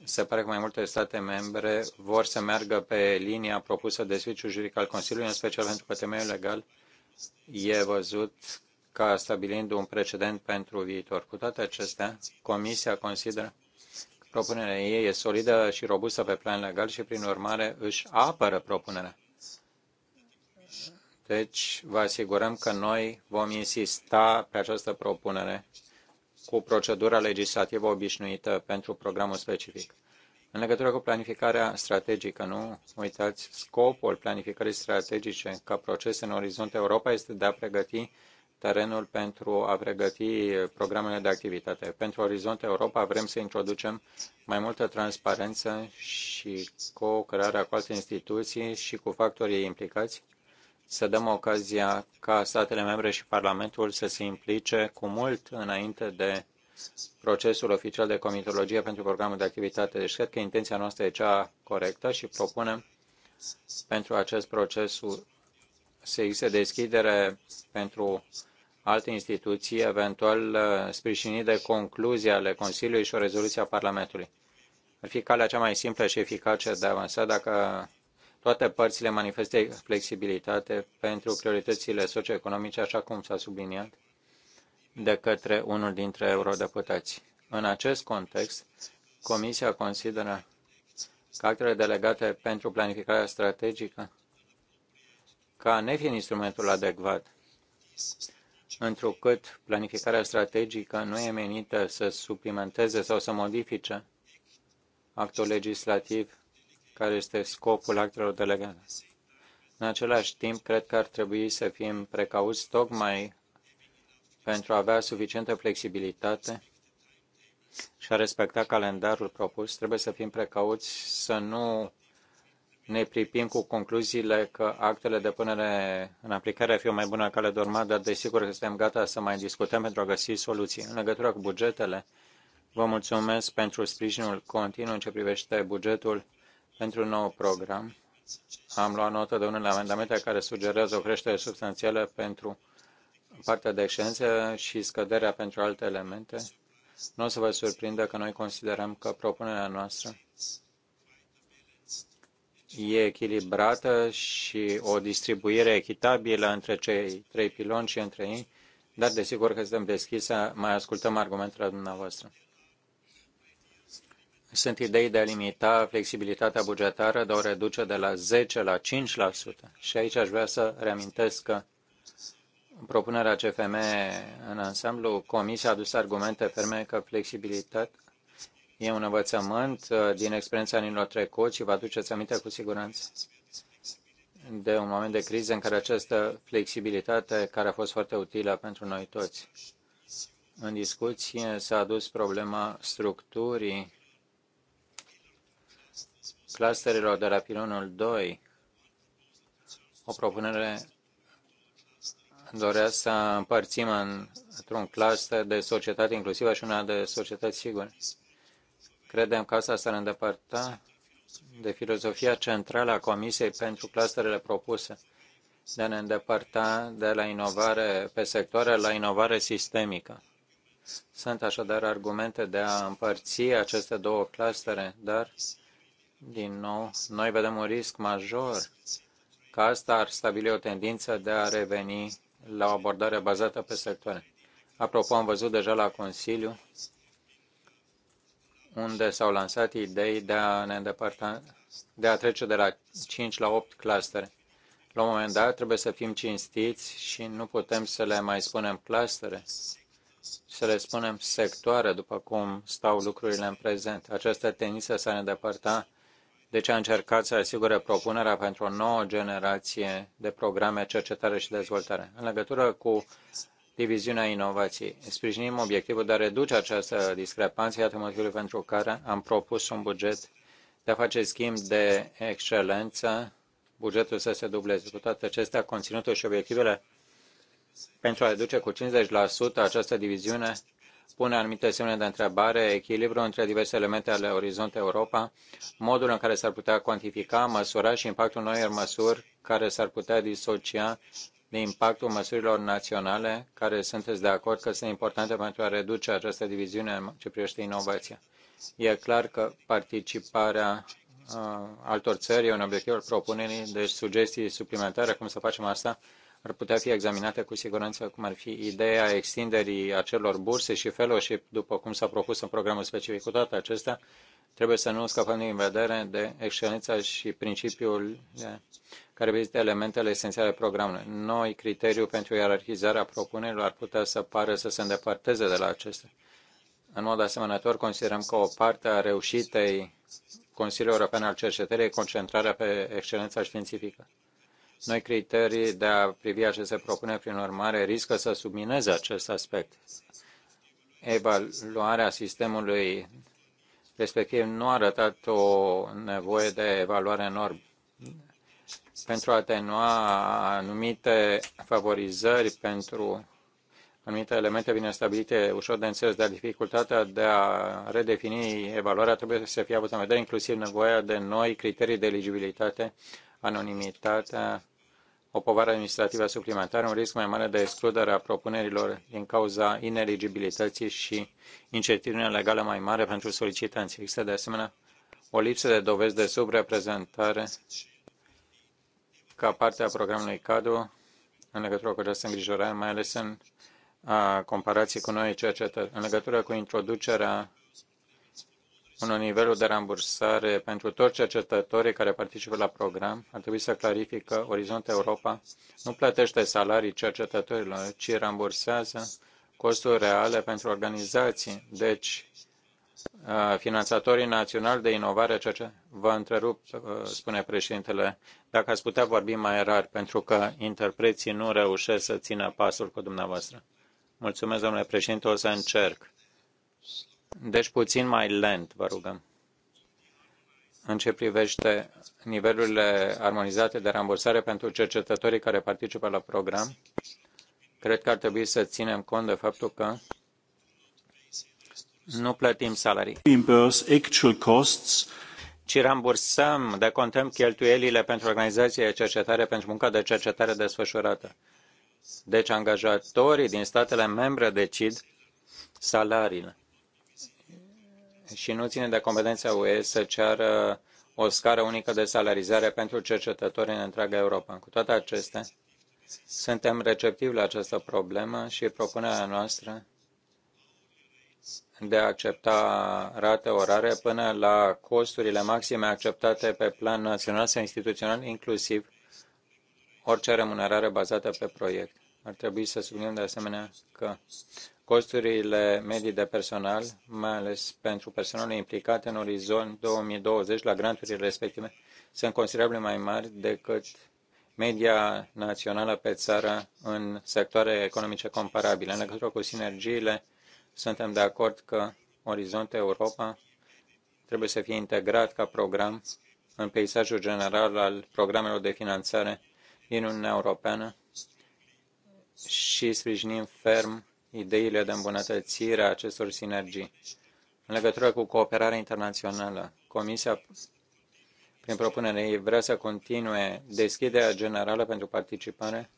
se pare că mai multe state membre vor să meargă pe linia propusă de serviciul juridic al Consiliului, în special pentru că temeiul legal e văzut ca stabilind un precedent pentru viitor. Cu toate acestea, Comisia consideră că propunerea ei e solidă și robustă pe plan legal și, prin urmare, își apără propunerea. Deci, vă asigurăm că noi vom insista pe această propunere cu procedura legislativă obișnuită pentru programul specific. În legătură cu planificarea strategică, nu uitați, scopul planificării strategice ca proces în orizont Europa este de a pregăti terenul pentru a pregăti programele de activitate. Pentru Orizont Europa vrem să introducem mai multă transparență și co-crearea cu alte instituții și cu factorii implicați să dăm ocazia ca statele membre și Parlamentul să se implice cu mult înainte de procesul oficial de comitologie pentru programul de activitate. Deci cred că intenția noastră e cea corectă și propunem pentru acest proces să existe deschidere pentru alte instituții, eventual uh, sprijinit de concluzii ale Consiliului și o rezoluție a Parlamentului. Ar fi calea cea mai simplă și eficace de avansat dacă toate părțile manifestă flexibilitate pentru prioritățile socioeconomice, așa cum s-a subliniat de către unul dintre eurodeputați. În acest context, Comisia consideră că actele delegate pentru planificarea strategică ca nefiind instrumentul adecvat, întrucât planificarea strategică nu e menită să suplimenteze sau să modifice actul legislativ care este scopul actelor delegate. În același timp, cred că ar trebui să fim precauți tocmai pentru a avea suficientă flexibilitate și a respecta calendarul propus, trebuie să fim precauți să nu ne pripim cu concluziile că actele de punere în aplicare ar fi o mai bună cale de urmat, dar desigur că suntem gata să mai discutăm pentru a găsi soluții. În legătură cu bugetele, vă mulțumesc pentru sprijinul continuu în ce privește bugetul pentru un nou program, am luat notă de unele amendamente care sugerează o creștere substanțială pentru partea de excelență și scăderea pentru alte elemente. Nu o să vă surprindă că noi considerăm că propunerea noastră e echilibrată și o distribuire echitabilă între cei trei piloni și între ei, dar desigur că suntem deschiși să mai ascultăm argumentele dumneavoastră. Sunt idei de a limita flexibilitatea bugetară, de a o reduce de la 10 la 5%. Și aici aș vrea să reamintesc că propunerea CFM în ansamblu, Comisia a adus argumente ferme că flexibilitatea e un învățământ uh, din experiența anilor trecuți și vă aduceți aminte cu siguranță de un moment de criză în care această flexibilitate, care a fost foarte utilă pentru noi toți. În discuție s-a adus problema structurii clusterelor de la pilonul 2, o propunere dorea să împărțim într-un cluster de societate inclusivă și una de societăți sigure. Credem că asta s-ar îndepărta de filozofia centrală a Comisiei pentru clusterele propuse, de a ne îndepărta de la inovare pe sectoare la inovare sistemică. Sunt așadar argumente de a împărți aceste două clustere, dar din nou, noi vedem un risc major că asta ar stabili o tendință de a reveni la o abordare bazată pe sectoare. Apropo, am văzut deja la Consiliu unde s-au lansat idei de a ne îndepărta, de a trece de la 5 la 8 clustere. La un moment dat trebuie să fim cinstiți și nu putem să le mai spunem clustere, să le spunem sectoare, după cum stau lucrurile în prezent. Această tendință s-a îndepărtat de ce a încercat să asigure propunerea pentru o nouă generație de programe cercetare și dezvoltare. În legătură cu diviziunea inovației, sprijinim obiectivul de a reduce această discrepanță, iată motivul pentru care am propus un buget de a face schimb de excelență, bugetul să se dubleze. Cu toate acestea, conținutul și obiectivele pentru a reduce cu 50% această diviziune pune anumite semne de întrebare, echilibru între diverse elemente ale Orizont Europa, modul în care s-ar putea cuantifica, măsura și impactul noilor măsuri care s-ar putea disocia de impactul măsurilor naționale, care sunteți de acord că sunt importante pentru a reduce această diviziune în ce privește inovația. E clar că participarea uh, altor țări e un obiectiv al propunerii, deci sugestii suplimentare cum să facem asta ar putea fi examinate cu siguranță, cum ar fi ideea extinderii acelor burse și fellowship, după cum s-a propus în programul specific. Cu toate acestea, trebuie să nu scăpăm din vedere de excelența și principiul care vizită elementele esențiale programului. Noi, criteriul pentru ierarhizarea propunerilor ar putea să pară să se îndepărteze de la acestea. În mod asemănător, considerăm că o parte a reușitei Consiliul European al Cercetării e concentrarea pe excelența științifică. Noi criterii de a privi aceste propuneri, prin urmare, riscă să submineze acest aspect. Evaluarea sistemului respectiv nu a arătat o nevoie de evaluare enorm pentru a atenua anumite favorizări pentru anumite elemente bine stabilite, ușor de înțeles, dar dificultatea de a redefini evaluarea trebuie să fie avută în vedere, inclusiv nevoia de noi criterii de eligibilitate, anonimitatea, o povară administrativă suplimentară, un risc mai mare de excludere a propunerilor din cauza ineligibilității și incertitudine legală mai mare pentru solicitanți. Există de asemenea o lipsă de dovezi de subreprezentare ca parte a programului cadru în legătură cu această îngrijorare, mai ales în comparație comparații cu noi cercetări. În legătură cu introducerea unor niveluri de rambursare pentru toți cercetătorii care participă la program. Ar trebui să că Orizont Europa nu plătește salarii cercetătorilor, ci rambursează costuri reale pentru organizații. Deci, uh, finanțatorii naționali de inovare, ceea ce vă întrerup, uh, spune președintele, dacă ați putea vorbi mai rar, pentru că interpreții nu reușesc să țină pasul cu dumneavoastră. Mulțumesc, domnule președinte, o să încerc. Deci puțin mai lent, vă rugăm. În ce privește nivelurile armonizate de rambursare pentru cercetătorii care participă la program, cred că ar trebui să ținem cont de faptul că nu plătim salarii, ci rambursăm, decontăm cheltuielile pentru organizația de cercetare, pentru munca de cercetare desfășurată. Deci angajatorii din statele membre decid salariile și nu ține de competența UE să ceară o scară unică de salarizare pentru cercetători în întreaga Europa. Cu toate acestea, suntem receptivi la această problemă și propunerea noastră de a accepta rate orare până la costurile maxime acceptate pe plan național sau instituțional, inclusiv orice remunerare bazată pe proiect. Ar trebui să subliniem de asemenea că costurile medii de personal, mai ales pentru persoanele implicate în orizont 2020 la granturile respective, sunt considerabil mai mari decât media națională pe țară în sectoare economice comparabile. În legătură cu sinergiile, suntem de acord că Orizont Europa trebuie să fie integrat ca program în peisajul general al programelor de finanțare din Uniunea Europeană și sprijinim ferm ideile de îmbunătățire a acestor sinergii. În legătură cu cooperarea internațională, Comisia, prin propunerea ei, vrea să continue deschiderea generală pentru participare,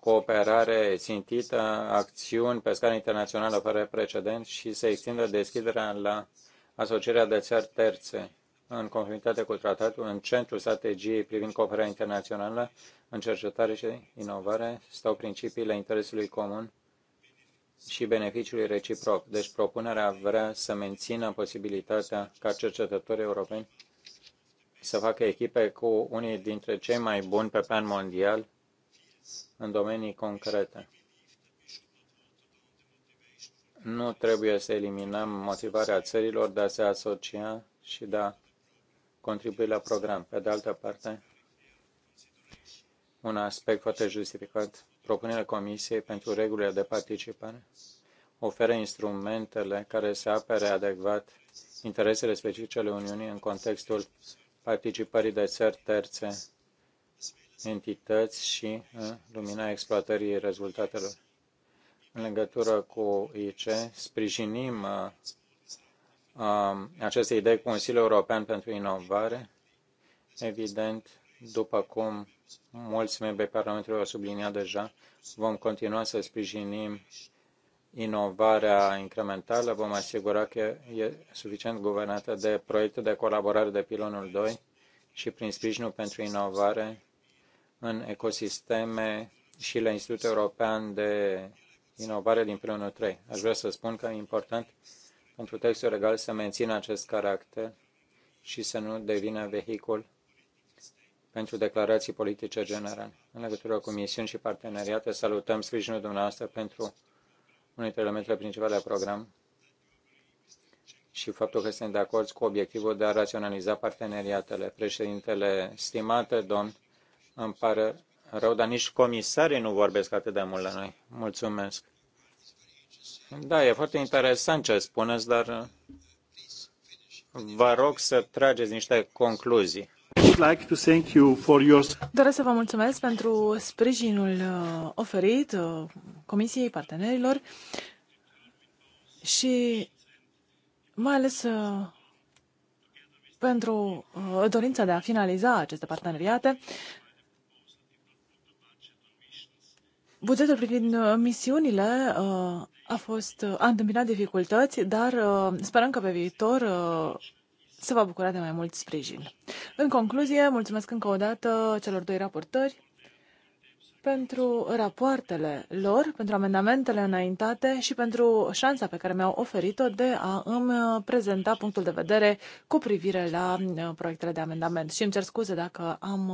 cooperare țintită, acțiuni pe scară internațională fără precedent și să extindă deschiderea la asocierea de țări terțe în conformitate cu tratatul, în centrul strategiei privind cooperarea internațională, în cercetare și inovare, stau principiile interesului comun și beneficiului reciproc. Deci propunerea vrea să mențină posibilitatea ca cercetătorii europeni să facă echipe cu unii dintre cei mai buni pe plan mondial în domenii concrete. Nu trebuie să eliminăm motivarea țărilor de a se asocia și de a contribui la program. Pe de altă parte, un aspect foarte justificat, propunerea Comisiei pentru regulile de participare oferă instrumentele care să apere adecvat interesele specifice ale Uniunii în contextul participării de țări terțe, entități și în lumina exploatării rezultatelor. În legătură cu IC, sprijinim uh, Um, aceste idei cu Consiliul European pentru Inovare. Evident, după cum mulți membri Parlamentului au subliniat deja, vom continua să sprijinim inovarea incrementală, vom asigura că e suficient guvernată de proiecte de colaborare de pilonul 2 și prin sprijinul pentru inovare în ecosisteme și la Institutul European de Inovare din pilonul 3. Aș vrea să spun că e important pentru textul legal să mențină acest caracter și să nu devină vehicul pentru declarații politice generale. În legătură cu misiuni și parteneriate, salutăm sprijinul dumneavoastră pentru unul dintre elementele principale a program și faptul că sunt de acord cu obiectivul de a raționaliza parteneriatele. Președintele, stimate domn, îmi pare rău, dar nici comisarii nu vorbesc atât de mult la noi. Mulțumesc. Da, e foarte interesant ce spuneți, dar uh, vă rog să trageți niște concluzii.
Doresc să vă mulțumesc pentru sprijinul uh, oferit uh, Comisiei Partenerilor și mai ales pentru dorința de a finaliza aceste parteneriate. Bugetul privind misiunile a fost, uh, a întâmpinat dificultăți, dar uh, sperăm că pe viitor uh, se va bucura de mai mult sprijin. În concluzie, mulțumesc încă o dată celor doi raportări pentru rapoartele lor, pentru amendamentele înaintate și pentru șansa pe care mi-au oferit-o de a îmi prezenta punctul de vedere cu privire la proiectele de amendament. Și îmi cer scuze dacă am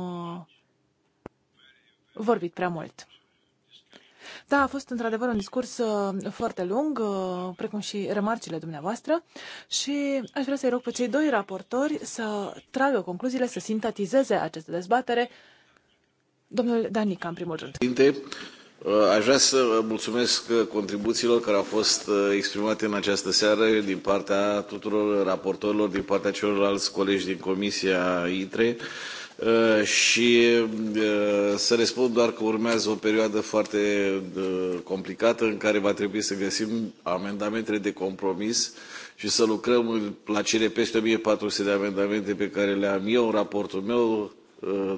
vorbit prea mult. Da, a fost într-adevăr un discurs uh, foarte lung, uh, precum și remarcile dumneavoastră și aș vrea să-i rog pe cei doi raportori să tragă concluziile, să sintetizeze această dezbatere. Domnul Danica, în primul rând.
Uh, aș vrea să mulțumesc contribuțiilor care au fost exprimate în această seară din partea tuturor raportorilor, din partea celorlalți colegi din Comisia ITRE. Uh, și uh, să răspund doar că urmează o perioadă foarte uh, complicată în care va trebui să găsim amendamentele de compromis și să lucrăm la cele peste 1400 de amendamente pe care le am eu în raportul meu.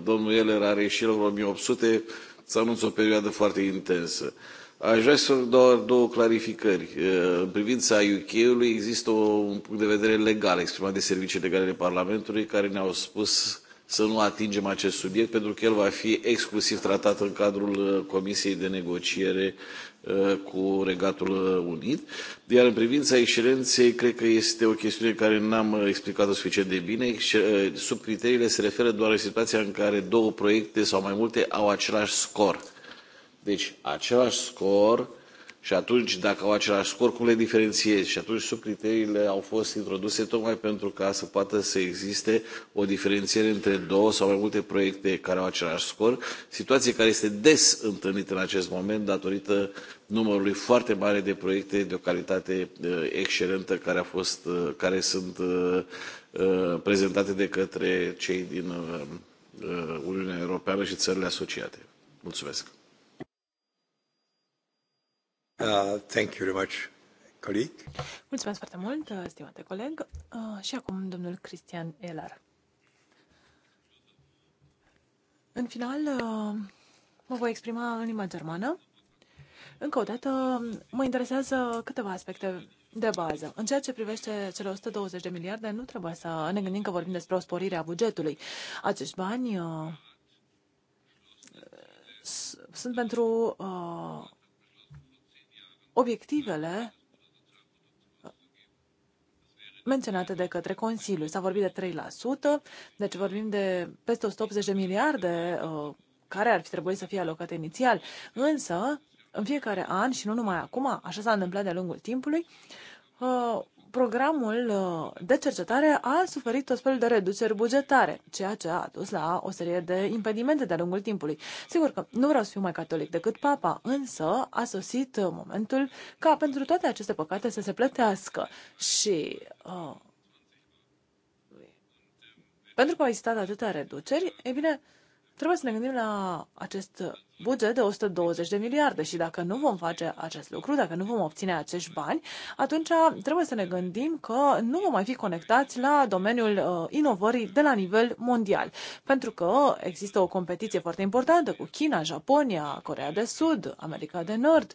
Domnul Eller are și el 1800, să anunț o perioadă foarte intensă. Aș vrea să fac doar două clarificări. În privința UK-ului există un punct de vedere legal exprimat de serviciile legale ale Parlamentului care ne-au spus să nu atingem acest subiect, pentru că el va fi exclusiv tratat în cadrul uh, Comisiei de Negociere uh, cu Regatul Unit. Iar în privința excelenței, cred că este o chestiune care n-am uh, explicat-o suficient de bine. Sub criteriile se referă doar la situația în care două proiecte sau mai multe au același scor. Deci, același scor și atunci, dacă au același scor, cum le diferențiezi? Și atunci subcriteriile au fost introduse tocmai pentru ca să poată să existe o diferențiere între două sau mai multe proiecte care au același scor, situație care este des întâlnită în acest moment datorită numărului foarte mare de proiecte de o calitate eh, excelentă care, a fost, eh, care sunt eh, prezentate de către cei din Uniunea Europeană și țările asociate.
Mulțumesc! Uh, thank you very much,
Mulțumesc foarte mult, uh, stimate coleg. Uh, și acum domnul Cristian Elar. În final, mă voi exprima în limba germană. Încă o dată, mă interesează câteva aspecte de bază. În ceea ce privește cele 120 de miliarde, nu trebuie să ne gândim că vorbim despre o sporire a bugetului. Acești bani uh, sunt pentru uh, obiectivele menționate de către Consiliu. S-a vorbit de 3%, deci vorbim de peste 180 de miliarde uh, care ar fi trebuit să fie alocate inițial. Însă, în fiecare an și nu numai acum, așa s-a întâmplat de-a lungul timpului, uh, programul uh, de cercetare a suferit tot felul de reduceri bugetare, ceea ce a adus la o serie de impedimente de-a lungul timpului. Sigur că nu vreau să fiu mai catolic decât papa, însă a sosit uh, momentul ca pentru toate aceste păcate să se plătească și uh, pentru că au existat atâtea reduceri, e bine, uh, Trebuie să ne gândim la acest buget de 120 de miliarde și dacă nu vom face acest lucru, dacă nu vom obține acești bani, atunci trebuie să ne gândim că nu vom mai fi conectați la domeniul uh, inovării de la nivel mondial, pentru că există o competiție foarte importantă cu China, Japonia, Corea de Sud, America de Nord,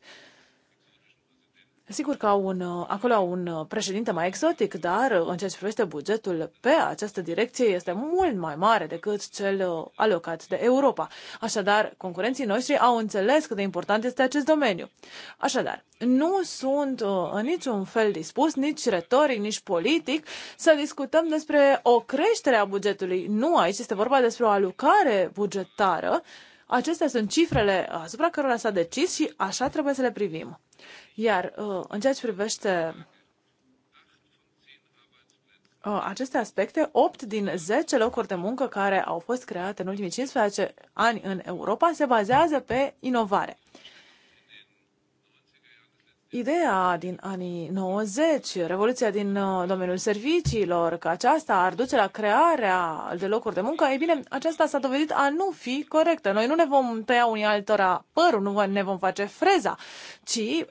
Sigur că au un, acolo au un președinte mai exotic, dar în ceea ce privește bugetul pe această direcție este mult mai mare decât cel uh, alocat de Europa. Așadar, concurenții noștri au înțeles cât de important este acest domeniu. Așadar, nu sunt uh, în niciun fel dispus, nici retoric, nici politic, să discutăm despre o creștere a bugetului. Nu aici este vorba despre o alocare bugetară. Acestea sunt cifrele asupra cărora s-a decis și așa trebuie să le privim. Iar uh, în ceea ce privește uh, aceste aspecte, 8 din 10 locuri de muncă care au fost create în ultimii 15 ani în Europa se bazează pe inovare ideea din anii 90, revoluția din uh, domeniul serviciilor, că aceasta ar duce la crearea de locuri de muncă, e bine, aceasta s-a dovedit a nu fi corectă. Noi nu ne vom tăia unii altora părul, nu ne vom face freza, ci uh,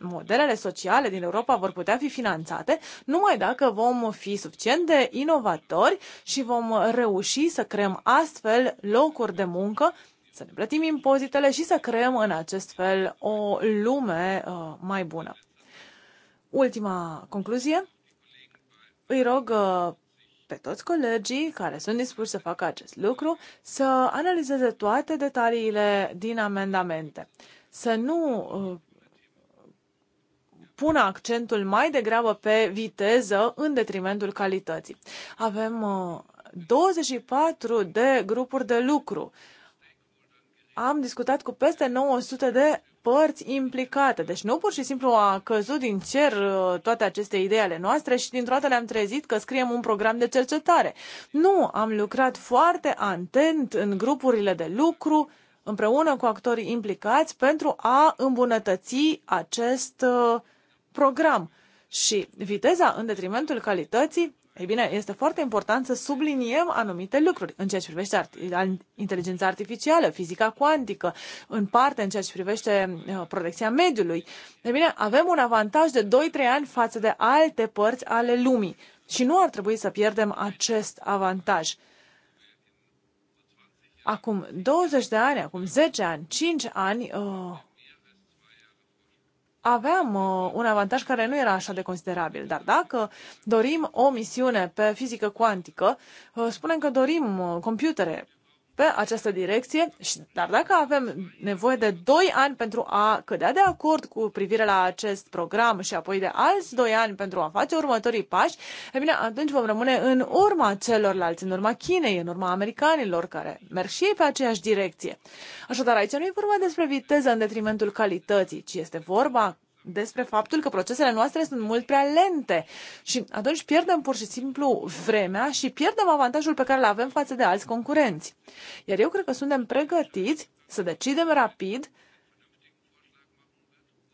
modelele sociale din Europa vor putea fi finanțate numai dacă vom fi suficient de inovatori și vom reuși să creăm astfel locuri de muncă să ne plătim impozitele și să creăm în acest fel o lume uh, mai bună. Ultima concluzie. Îi rog uh, pe toți colegii care sunt dispuși să facă acest lucru să analizeze toate detaliile din amendamente. Să nu uh, pună accentul mai degrabă pe viteză în detrimentul calității. Avem uh, 24 de grupuri de lucru am discutat cu peste 900 de părți implicate. Deci nu pur și simplu a căzut din cer uh, toate aceste idei ale noastre și dintr-o dată le-am trezit că scriem un program de cercetare. Nu, am lucrat foarte atent în grupurile de lucru împreună cu actorii implicați pentru a îmbunătăți acest uh, program. Și viteza în detrimentul calității ei bine, este foarte important să subliniem anumite lucruri în ceea ce privește art- inteligența artificială, fizica cuantică, în parte în ceea ce privește uh, protecția mediului. Ei bine, avem un avantaj de 2-3 ani față de alte părți ale lumii și nu ar trebui să pierdem acest avantaj. Acum 20 de ani, acum 10 ani, 5 ani, uh, aveam uh, un avantaj care nu era așa de considerabil. Dar dacă dorim o misiune pe fizică cuantică, uh, spunem că dorim uh, computere pe această direcție, dar dacă avem nevoie de 2 ani pentru a cădea de acord cu privire la acest program și apoi de alți 2 ani pentru a face următorii pași, e bine, atunci vom rămâne în urma celorlalți, în urma Chinei, în urma americanilor care merg și ei pe aceeași direcție. Așadar, aici nu e vorba despre viteză în detrimentul calității, ci este vorba despre faptul că procesele noastre sunt mult prea lente și atunci pierdem pur și simplu vremea și pierdem avantajul pe care îl avem față de alți concurenți. Iar eu cred că suntem pregătiți să decidem rapid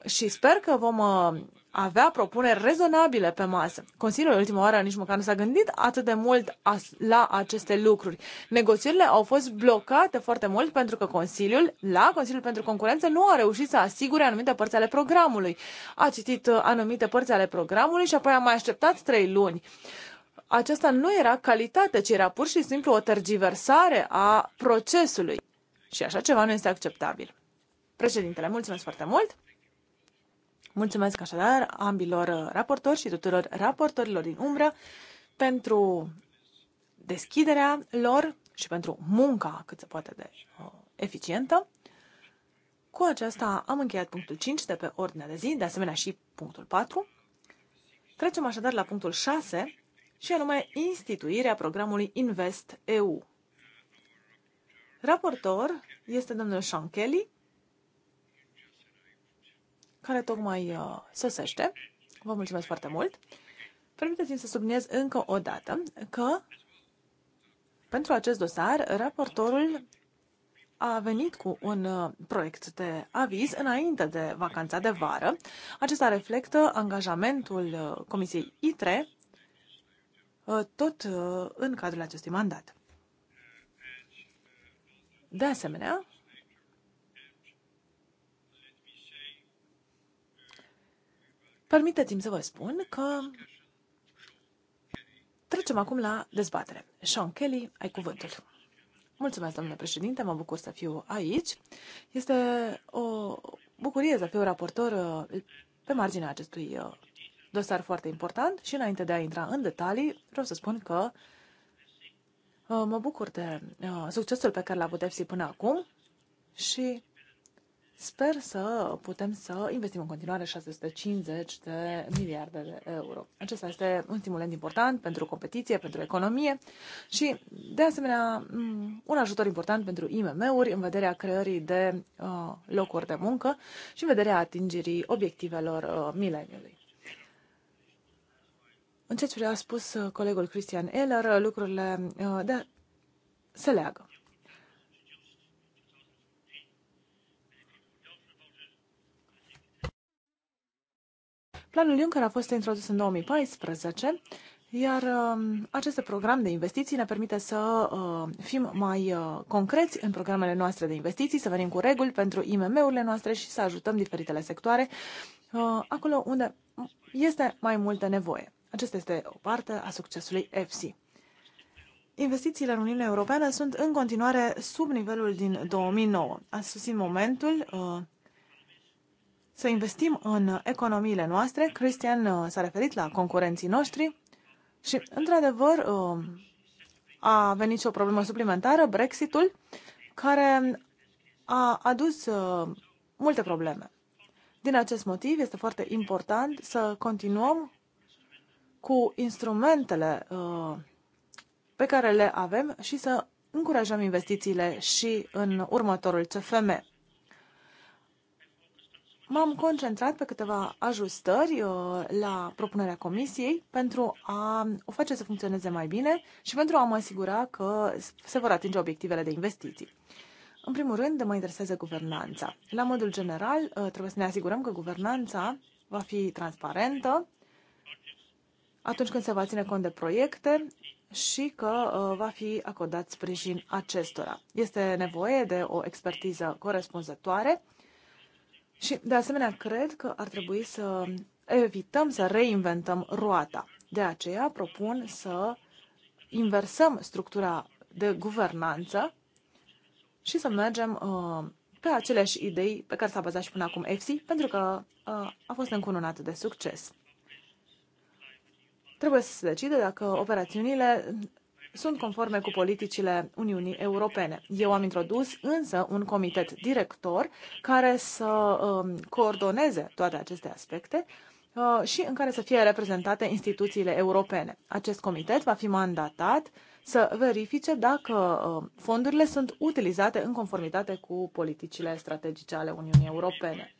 și sper că vom uh, avea propuneri rezonabile pe masă. Consiliul ultima oară nici măcar nu s-a gândit atât de mult la aceste lucruri. Negocierile au fost blocate foarte mult pentru că Consiliul, la Consiliul pentru Concurență, nu a reușit să asigure anumite părți ale programului. A citit uh, anumite părți ale programului și apoi a mai așteptat trei luni aceasta nu era calitate, ci era pur și simplu o tergiversare a procesului. Și așa ceva nu este acceptabil. Președintele, mulțumesc foarte mult! Mulțumesc așadar ambilor uh, raportori și tuturor raportorilor din umbră pentru deschiderea lor și pentru munca cât se poate de uh, eficientă. Cu aceasta am încheiat punctul 5 de pe ordinea de zi, de asemenea și punctul 4. Trecem așadar la punctul 6 și anume instituirea programului Invest EU. Raportor este domnul Sean Kelly, care tocmai uh, sosește. Vă mulțumesc foarte mult. Permiteți-mi să subliniez încă o dată că pentru acest dosar, raportorul a venit cu un uh, proiect de aviz înainte de vacanța de vară. Acesta reflectă angajamentul uh, Comisiei ITRE uh, tot în cadrul acestui mandat. De asemenea, Permiteți-mi să vă spun că trecem acum la dezbatere. Sean Kelly, ai cuvântul. Mulțumesc, domnule președinte, mă bucur să fiu aici. Este o bucurie să fiu raportor uh, pe marginea acestui uh, dosar foarte important și înainte de a intra în detalii, vreau să spun că uh, mă bucur de succesul pe care l-a putut până acum și Sper să putem să investim în continuare 650 de miliarde de euro. Acesta este un stimulant important pentru competiție, pentru economie și, de asemenea, un ajutor important pentru IMM-uri în vederea creării de uh, locuri de muncă și în vederea atingerii obiectivelor uh, mileniului. În ceea ce a spus uh, colegul Cristian Eller, lucrurile da, se leagă. Planul Juncker a fost introdus în 2014, iar um, acest program de investiții ne permite să uh, fim mai uh, concreți în programele noastre de investiții, să venim cu reguli pentru IMM-urile noastre și să ajutăm diferitele sectoare uh, acolo unde este mai multă nevoie. Acesta este o parte a succesului EFSI. Investițiile în Uniunea Europeană sunt în continuare sub nivelul din 2009. A susțin momentul să investim în economiile noastre. Cristian uh, s-a referit la concurenții noștri și, într-adevăr, uh, a venit și o problemă suplimentară, Brexitul, care a adus uh, multe probleme. Din acest motiv, este foarte important să continuăm cu instrumentele pe care le avem și să încurajăm investițiile și în următorul CFM. M-am concentrat pe câteva ajustări uh, la propunerea comisiei pentru a o face să funcționeze mai bine și pentru a mă asigura că se vor atinge obiectivele de investiții. În primul rând, mă interesează guvernanța. La modul general, uh, trebuie să ne asigurăm că guvernanța va fi transparentă atunci când se va ține cont de proiecte și că uh, va fi acordat sprijin acestora. Este nevoie de o expertiză corespunzătoare și, de asemenea, cred că ar trebui să evităm să reinventăm roata. De aceea propun să inversăm structura de guvernanță și să mergem uh, pe aceleași idei pe care s-a bazat și până acum EFSI, pentru că uh, a fost încununat de succes. Trebuie să se decide dacă operațiunile sunt conforme cu politicile Uniunii Europene. Eu am introdus însă un comitet director care să um, coordoneze toate aceste aspecte uh, și în care să fie reprezentate instituțiile europene. Acest comitet va fi mandatat să verifice dacă um, fondurile sunt utilizate în conformitate cu politicile strategice ale Uniunii Europene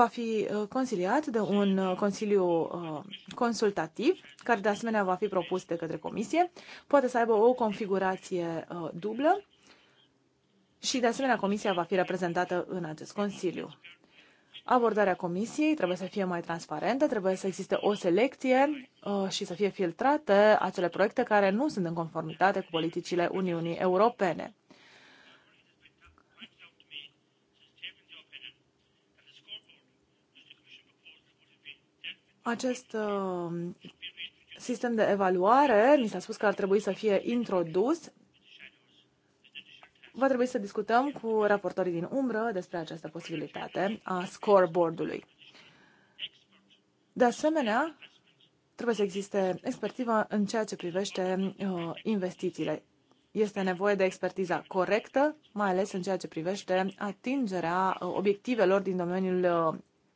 va fi uh, consiliat de un uh, consiliu uh, consultativ, care de asemenea va fi propus de către comisie. Poate să aibă o configurație dublă și de asemenea comisia va fi reprezentată în acest consiliu. Abordarea comisiei trebuie să fie mai transparentă, trebuie să existe o selecție și să fie filtrate acele proiecte care nu sunt în conformitate cu politicile Uniunii Europene. Acest uh, sistem de evaluare, mi s-a spus că ar trebui să fie introdus. Va trebui să discutăm cu raportorii din umbră despre această posibilitate a scoreboardului. De asemenea, trebuie să existe expertivă în ceea ce privește uh, investițiile. Este nevoie de expertiza corectă, mai ales în ceea ce privește atingerea uh, obiectivelor din domeniul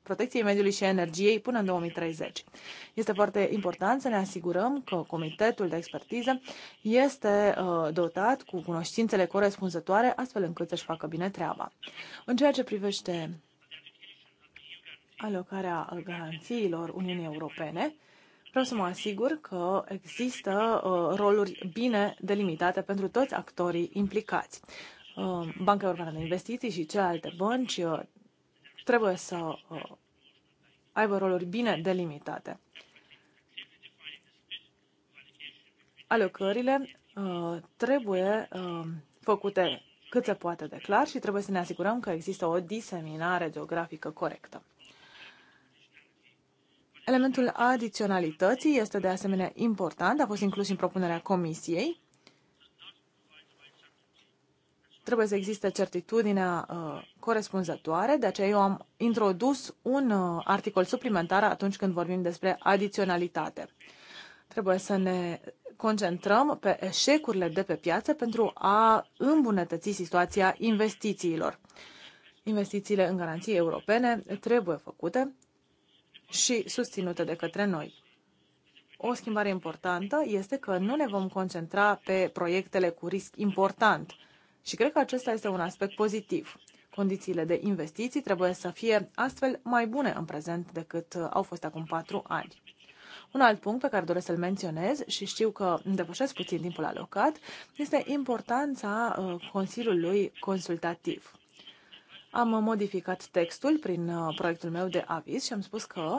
protecției mediului și energiei până în 2030. Este foarte important să ne asigurăm că comitetul de expertiză este uh, dotat cu cunoștințele corespunzătoare astfel încât să-și facă bine treaba. În ceea ce privește alocarea garanțiilor Uniunii Europene, vreau să mă asigur că există uh, roluri bine delimitate pentru toți actorii implicați. Uh, Banca Europeană de Investiții și celelalte bănci trebuie să uh, aibă roluri bine delimitate. Alocările uh, trebuie uh, făcute cât se poate de clar și trebuie să ne asigurăm că există o diseminare geografică corectă. Elementul adiționalității este de asemenea important, a fost inclus în propunerea Comisiei trebuie să existe certitudinea uh, corespunzătoare, de aceea eu am introdus un uh, articol suplimentar atunci când vorbim despre adiționalitate. Trebuie să ne concentrăm pe eșecurile de pe piață pentru a îmbunătăți situația investițiilor. Investițiile în garanții europene trebuie făcute și susținute de către noi. O schimbare importantă este că nu ne vom concentra pe proiectele cu risc important, și cred că acesta este un aspect pozitiv. Condițiile de investiții trebuie să fie astfel mai bune în prezent decât uh, au fost acum patru ani. Un alt punct pe care doresc să-l menționez și știu că depășesc puțin timpul alocat este importanța uh, Consiliului Consultativ. Am modificat textul prin uh, proiectul meu de aviz și am spus că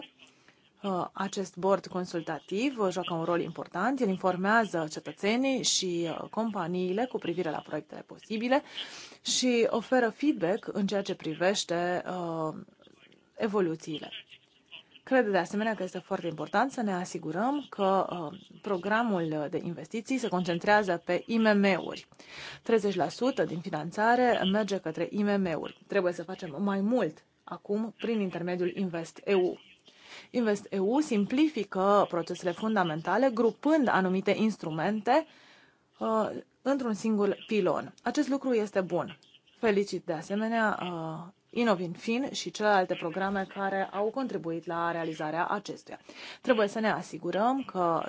Uh, acest board consultativ uh, joacă un rol important, el informează cetățenii și uh, companiile cu privire la proiectele posibile și oferă feedback în ceea ce privește uh, evoluțiile. Cred de asemenea că este foarte important să ne asigurăm că uh, programul de investiții se concentrează pe IMM-uri. 30% din finanțare merge către IMM-uri. Trebuie să facem mai mult acum prin intermediul InvestEU. InvestEU simplifică procesele fundamentale, grupând anumite instrumente uh, într-un singur pilon. Acest lucru este bun. Felicit de asemenea uh, InnovinFin și celelalte programe care au contribuit la realizarea acestuia. Trebuie să ne asigurăm că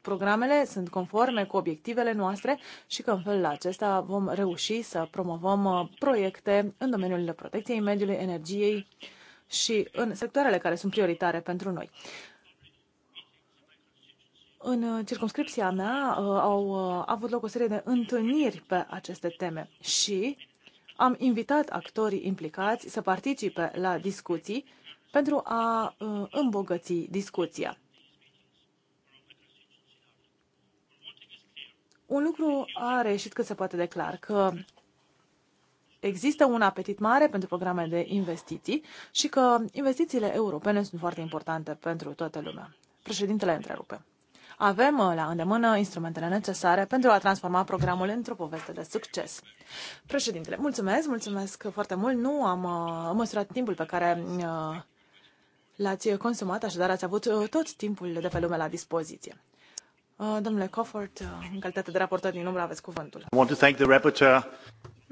programele sunt conforme cu obiectivele noastre și că în felul acesta vom reuși să promovăm uh, proiecte în domeniul protecției mediului, energiei, uh, și în sectoarele care sunt prioritare pentru noi. În uh, circumscripția mea uh, au uh, avut loc o serie de întâlniri pe aceste teme și am invitat actorii implicați să participe la discuții pentru a îmbogăți discuția. Un lucru a reieșit cât se poate declar, că există un apetit mare pentru programe de investiții și că investițiile europene sunt foarte importante pentru toată lumea. Președintele întrerupe. Avem uh, la îndemână instrumentele necesare pentru a transforma programul într-o poveste de succes. Președintele, mulțumesc, mulțumesc foarte mult. Nu am uh, măsurat timpul pe care uh, l-ați consumat, așadar ați avut tot timpul de pe lume la dispoziție. Domnule Cofford, în calitate de raportor din umbră, aveți cuvântul.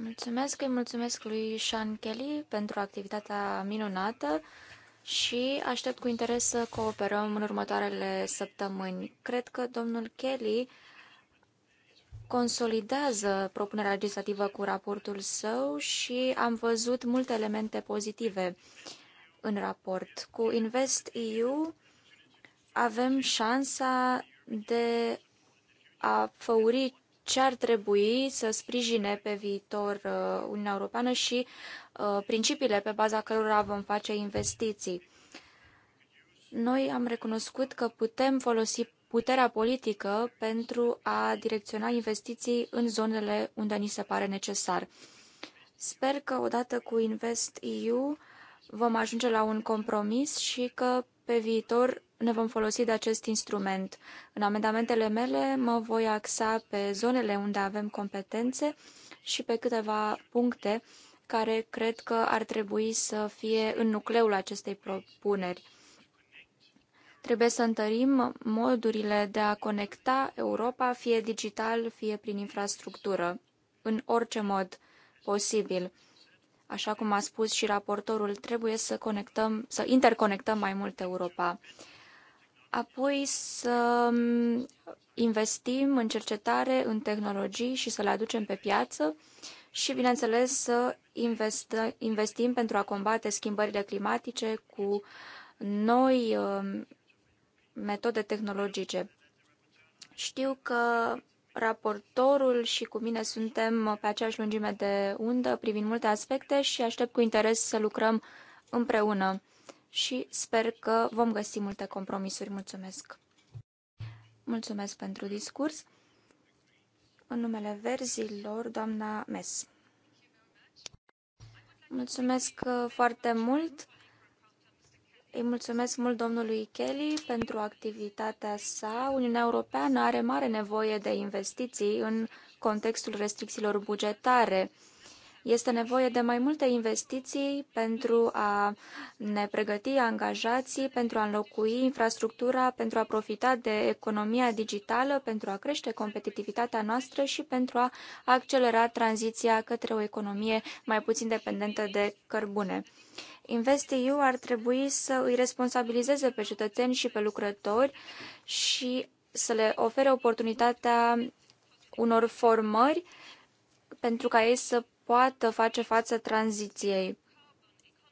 Mulțumesc, îi mulțumesc lui Sean Kelly pentru activitatea minunată și aștept cu interes să cooperăm în următoarele săptămâni. Cred că domnul Kelly consolidează propunerea legislativă cu raportul său și am văzut multe elemente pozitive în raport. Cu Invest EU avem șansa de a făuri ce ar trebui să sprijine pe viitor uh, Uniunea Europeană și uh, principiile pe baza cărora vom face investiții. Noi am recunoscut că putem folosi puterea politică pentru a direcționa investiții în zonele unde ni se pare necesar. Sper că odată cu Invest EU vom ajunge la un compromis și că pe viitor ne vom folosi de acest instrument. În amendamentele mele mă voi axa pe zonele unde avem competențe și pe câteva puncte care cred că ar trebui să fie în nucleul acestei propuneri. Trebuie să întărim modurile de a conecta Europa, fie digital, fie prin infrastructură, în orice mod posibil. Așa cum a spus și raportorul, trebuie să conectăm, să interconectăm mai mult Europa apoi să mm, investim în cercetare, în tehnologii și să le aducem pe piață și, bineînțeles, să investă, investim pentru a combate schimbările climatice cu noi mm, metode tehnologice. Știu că raportorul și cu mine suntem pe aceeași lungime de undă privind multe aspecte și aștept cu interes să lucrăm împreună și sper că vom găsi multe compromisuri. Mulțumesc! Mulțumesc pentru discurs. În numele verzilor, doamna Mes. Mulțumesc uh, foarte mult! Îi mulțumesc mult domnului Kelly pentru activitatea sa. Uniunea Europeană are mare nevoie de investiții în contextul restricțiilor bugetare. Este nevoie de mai multe investiții pentru a ne pregăti angajații, pentru a înlocui infrastructura, pentru a profita de economia digitală, pentru a crește competitivitatea noastră și pentru a accelera tranziția către o economie mai puțin dependentă de cărbune. InvestEU ar trebui să îi responsabilizeze pe cetățeni și pe lucrători și să le ofere oportunitatea unor formări pentru ca ei să poată face față tranziției.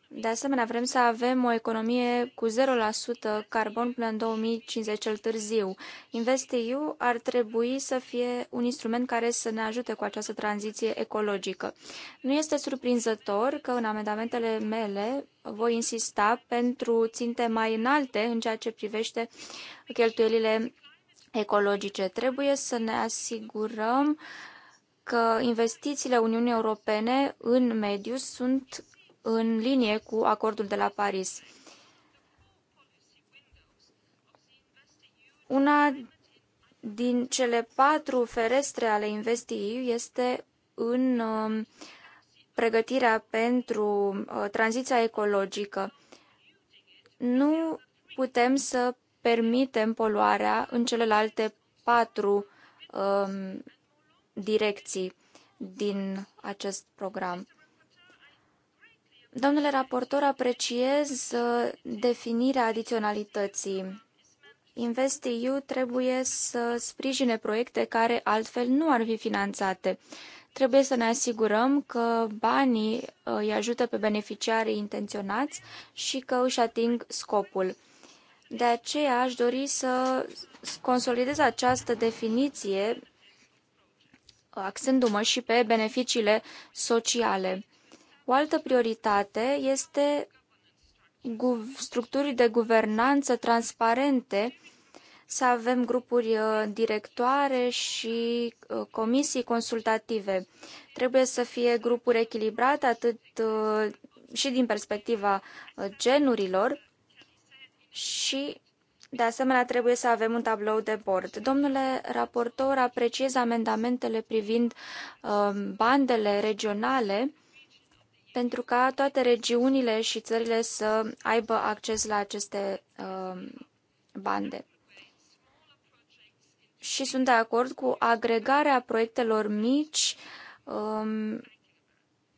De asemenea, vrem să avem o economie cu 0% carbon până în 2050 cel târziu. InvestEU ar trebui să fie un instrument care să ne ajute cu această tranziție ecologică. Nu este surprinzător că în amendamentele mele voi insista pentru ținte mai înalte în ceea ce privește cheltuielile ecologice. Trebuie să ne asigurăm uh, că investițiile Uniunii Europene în mediu sunt în linie cu acordul de la Paris. Una din cele patru ferestre ale InvestEU este în um, pregătirea pentru uh, tranziția ecologică. Nu putem să permitem poluarea în celelalte patru um, direcții din acest program. Domnule raportor, apreciez uh, definirea adiționalității. InvestEU trebuie să sprijine proiecte care altfel nu ar fi finanțate. Trebuie să ne asigurăm că banii uh, îi ajută pe beneficiarii intenționați și că își ating scopul. De aceea aș dori să consolidez această definiție axându-mă și pe beneficiile sociale. O altă prioritate este structuri de guvernanță transparente, să avem grupuri uh, directoare și uh, comisii consultative. Trebuie să fie grupuri echilibrate atât uh, și din perspectiva genurilor și de asemenea, trebuie să avem un tablou de bord. Domnule raportor, apreciez amendamentele privind um, bandele regionale pentru ca toate regiunile și țările să aibă acces la aceste um, bande. Și sunt de acord cu agregarea proiectelor mici um,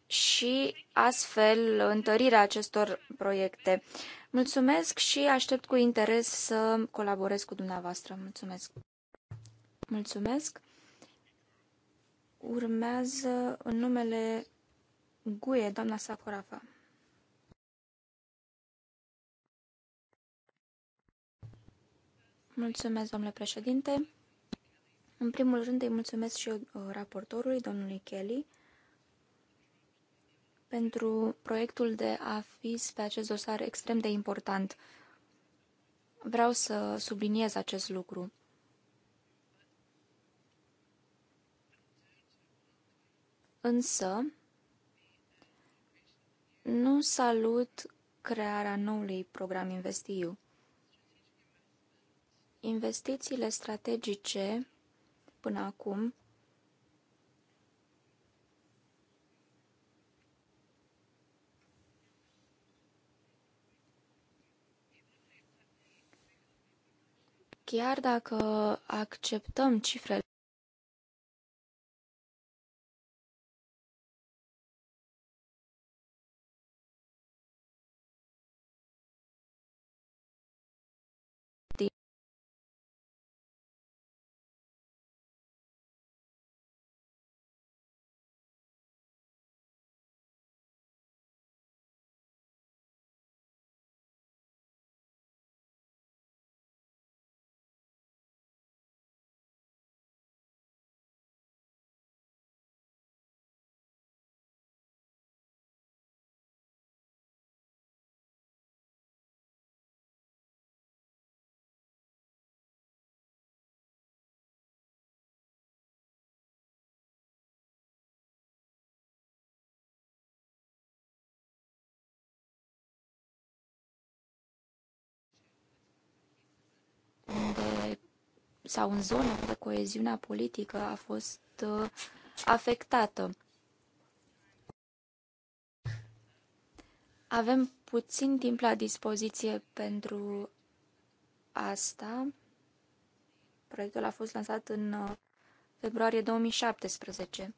și astfel întărirea acestor proiecte. Mulțumesc și aștept cu interes să colaborez cu dumneavoastră. Mulțumesc! Mulțumesc! Urmează în numele Guie, doamna Sacorafa. Mulțumesc, domnule președinte. În primul rând îi mulțumesc și eu, uh, raportorului, domnului Kelly, pentru proiectul de fi pe acest dosar extrem de important. Vreau să subliniez acest lucru. Însă, nu salut crearea noului program Investiu. Investițiile strategice până acum Chiar dacă acceptăm cifrele sau în zona unde coeziunea politică a fost uh, afectată. Avem puțin timp la dispoziție pentru asta. Proiectul a fost lansat în uh, februarie 2017.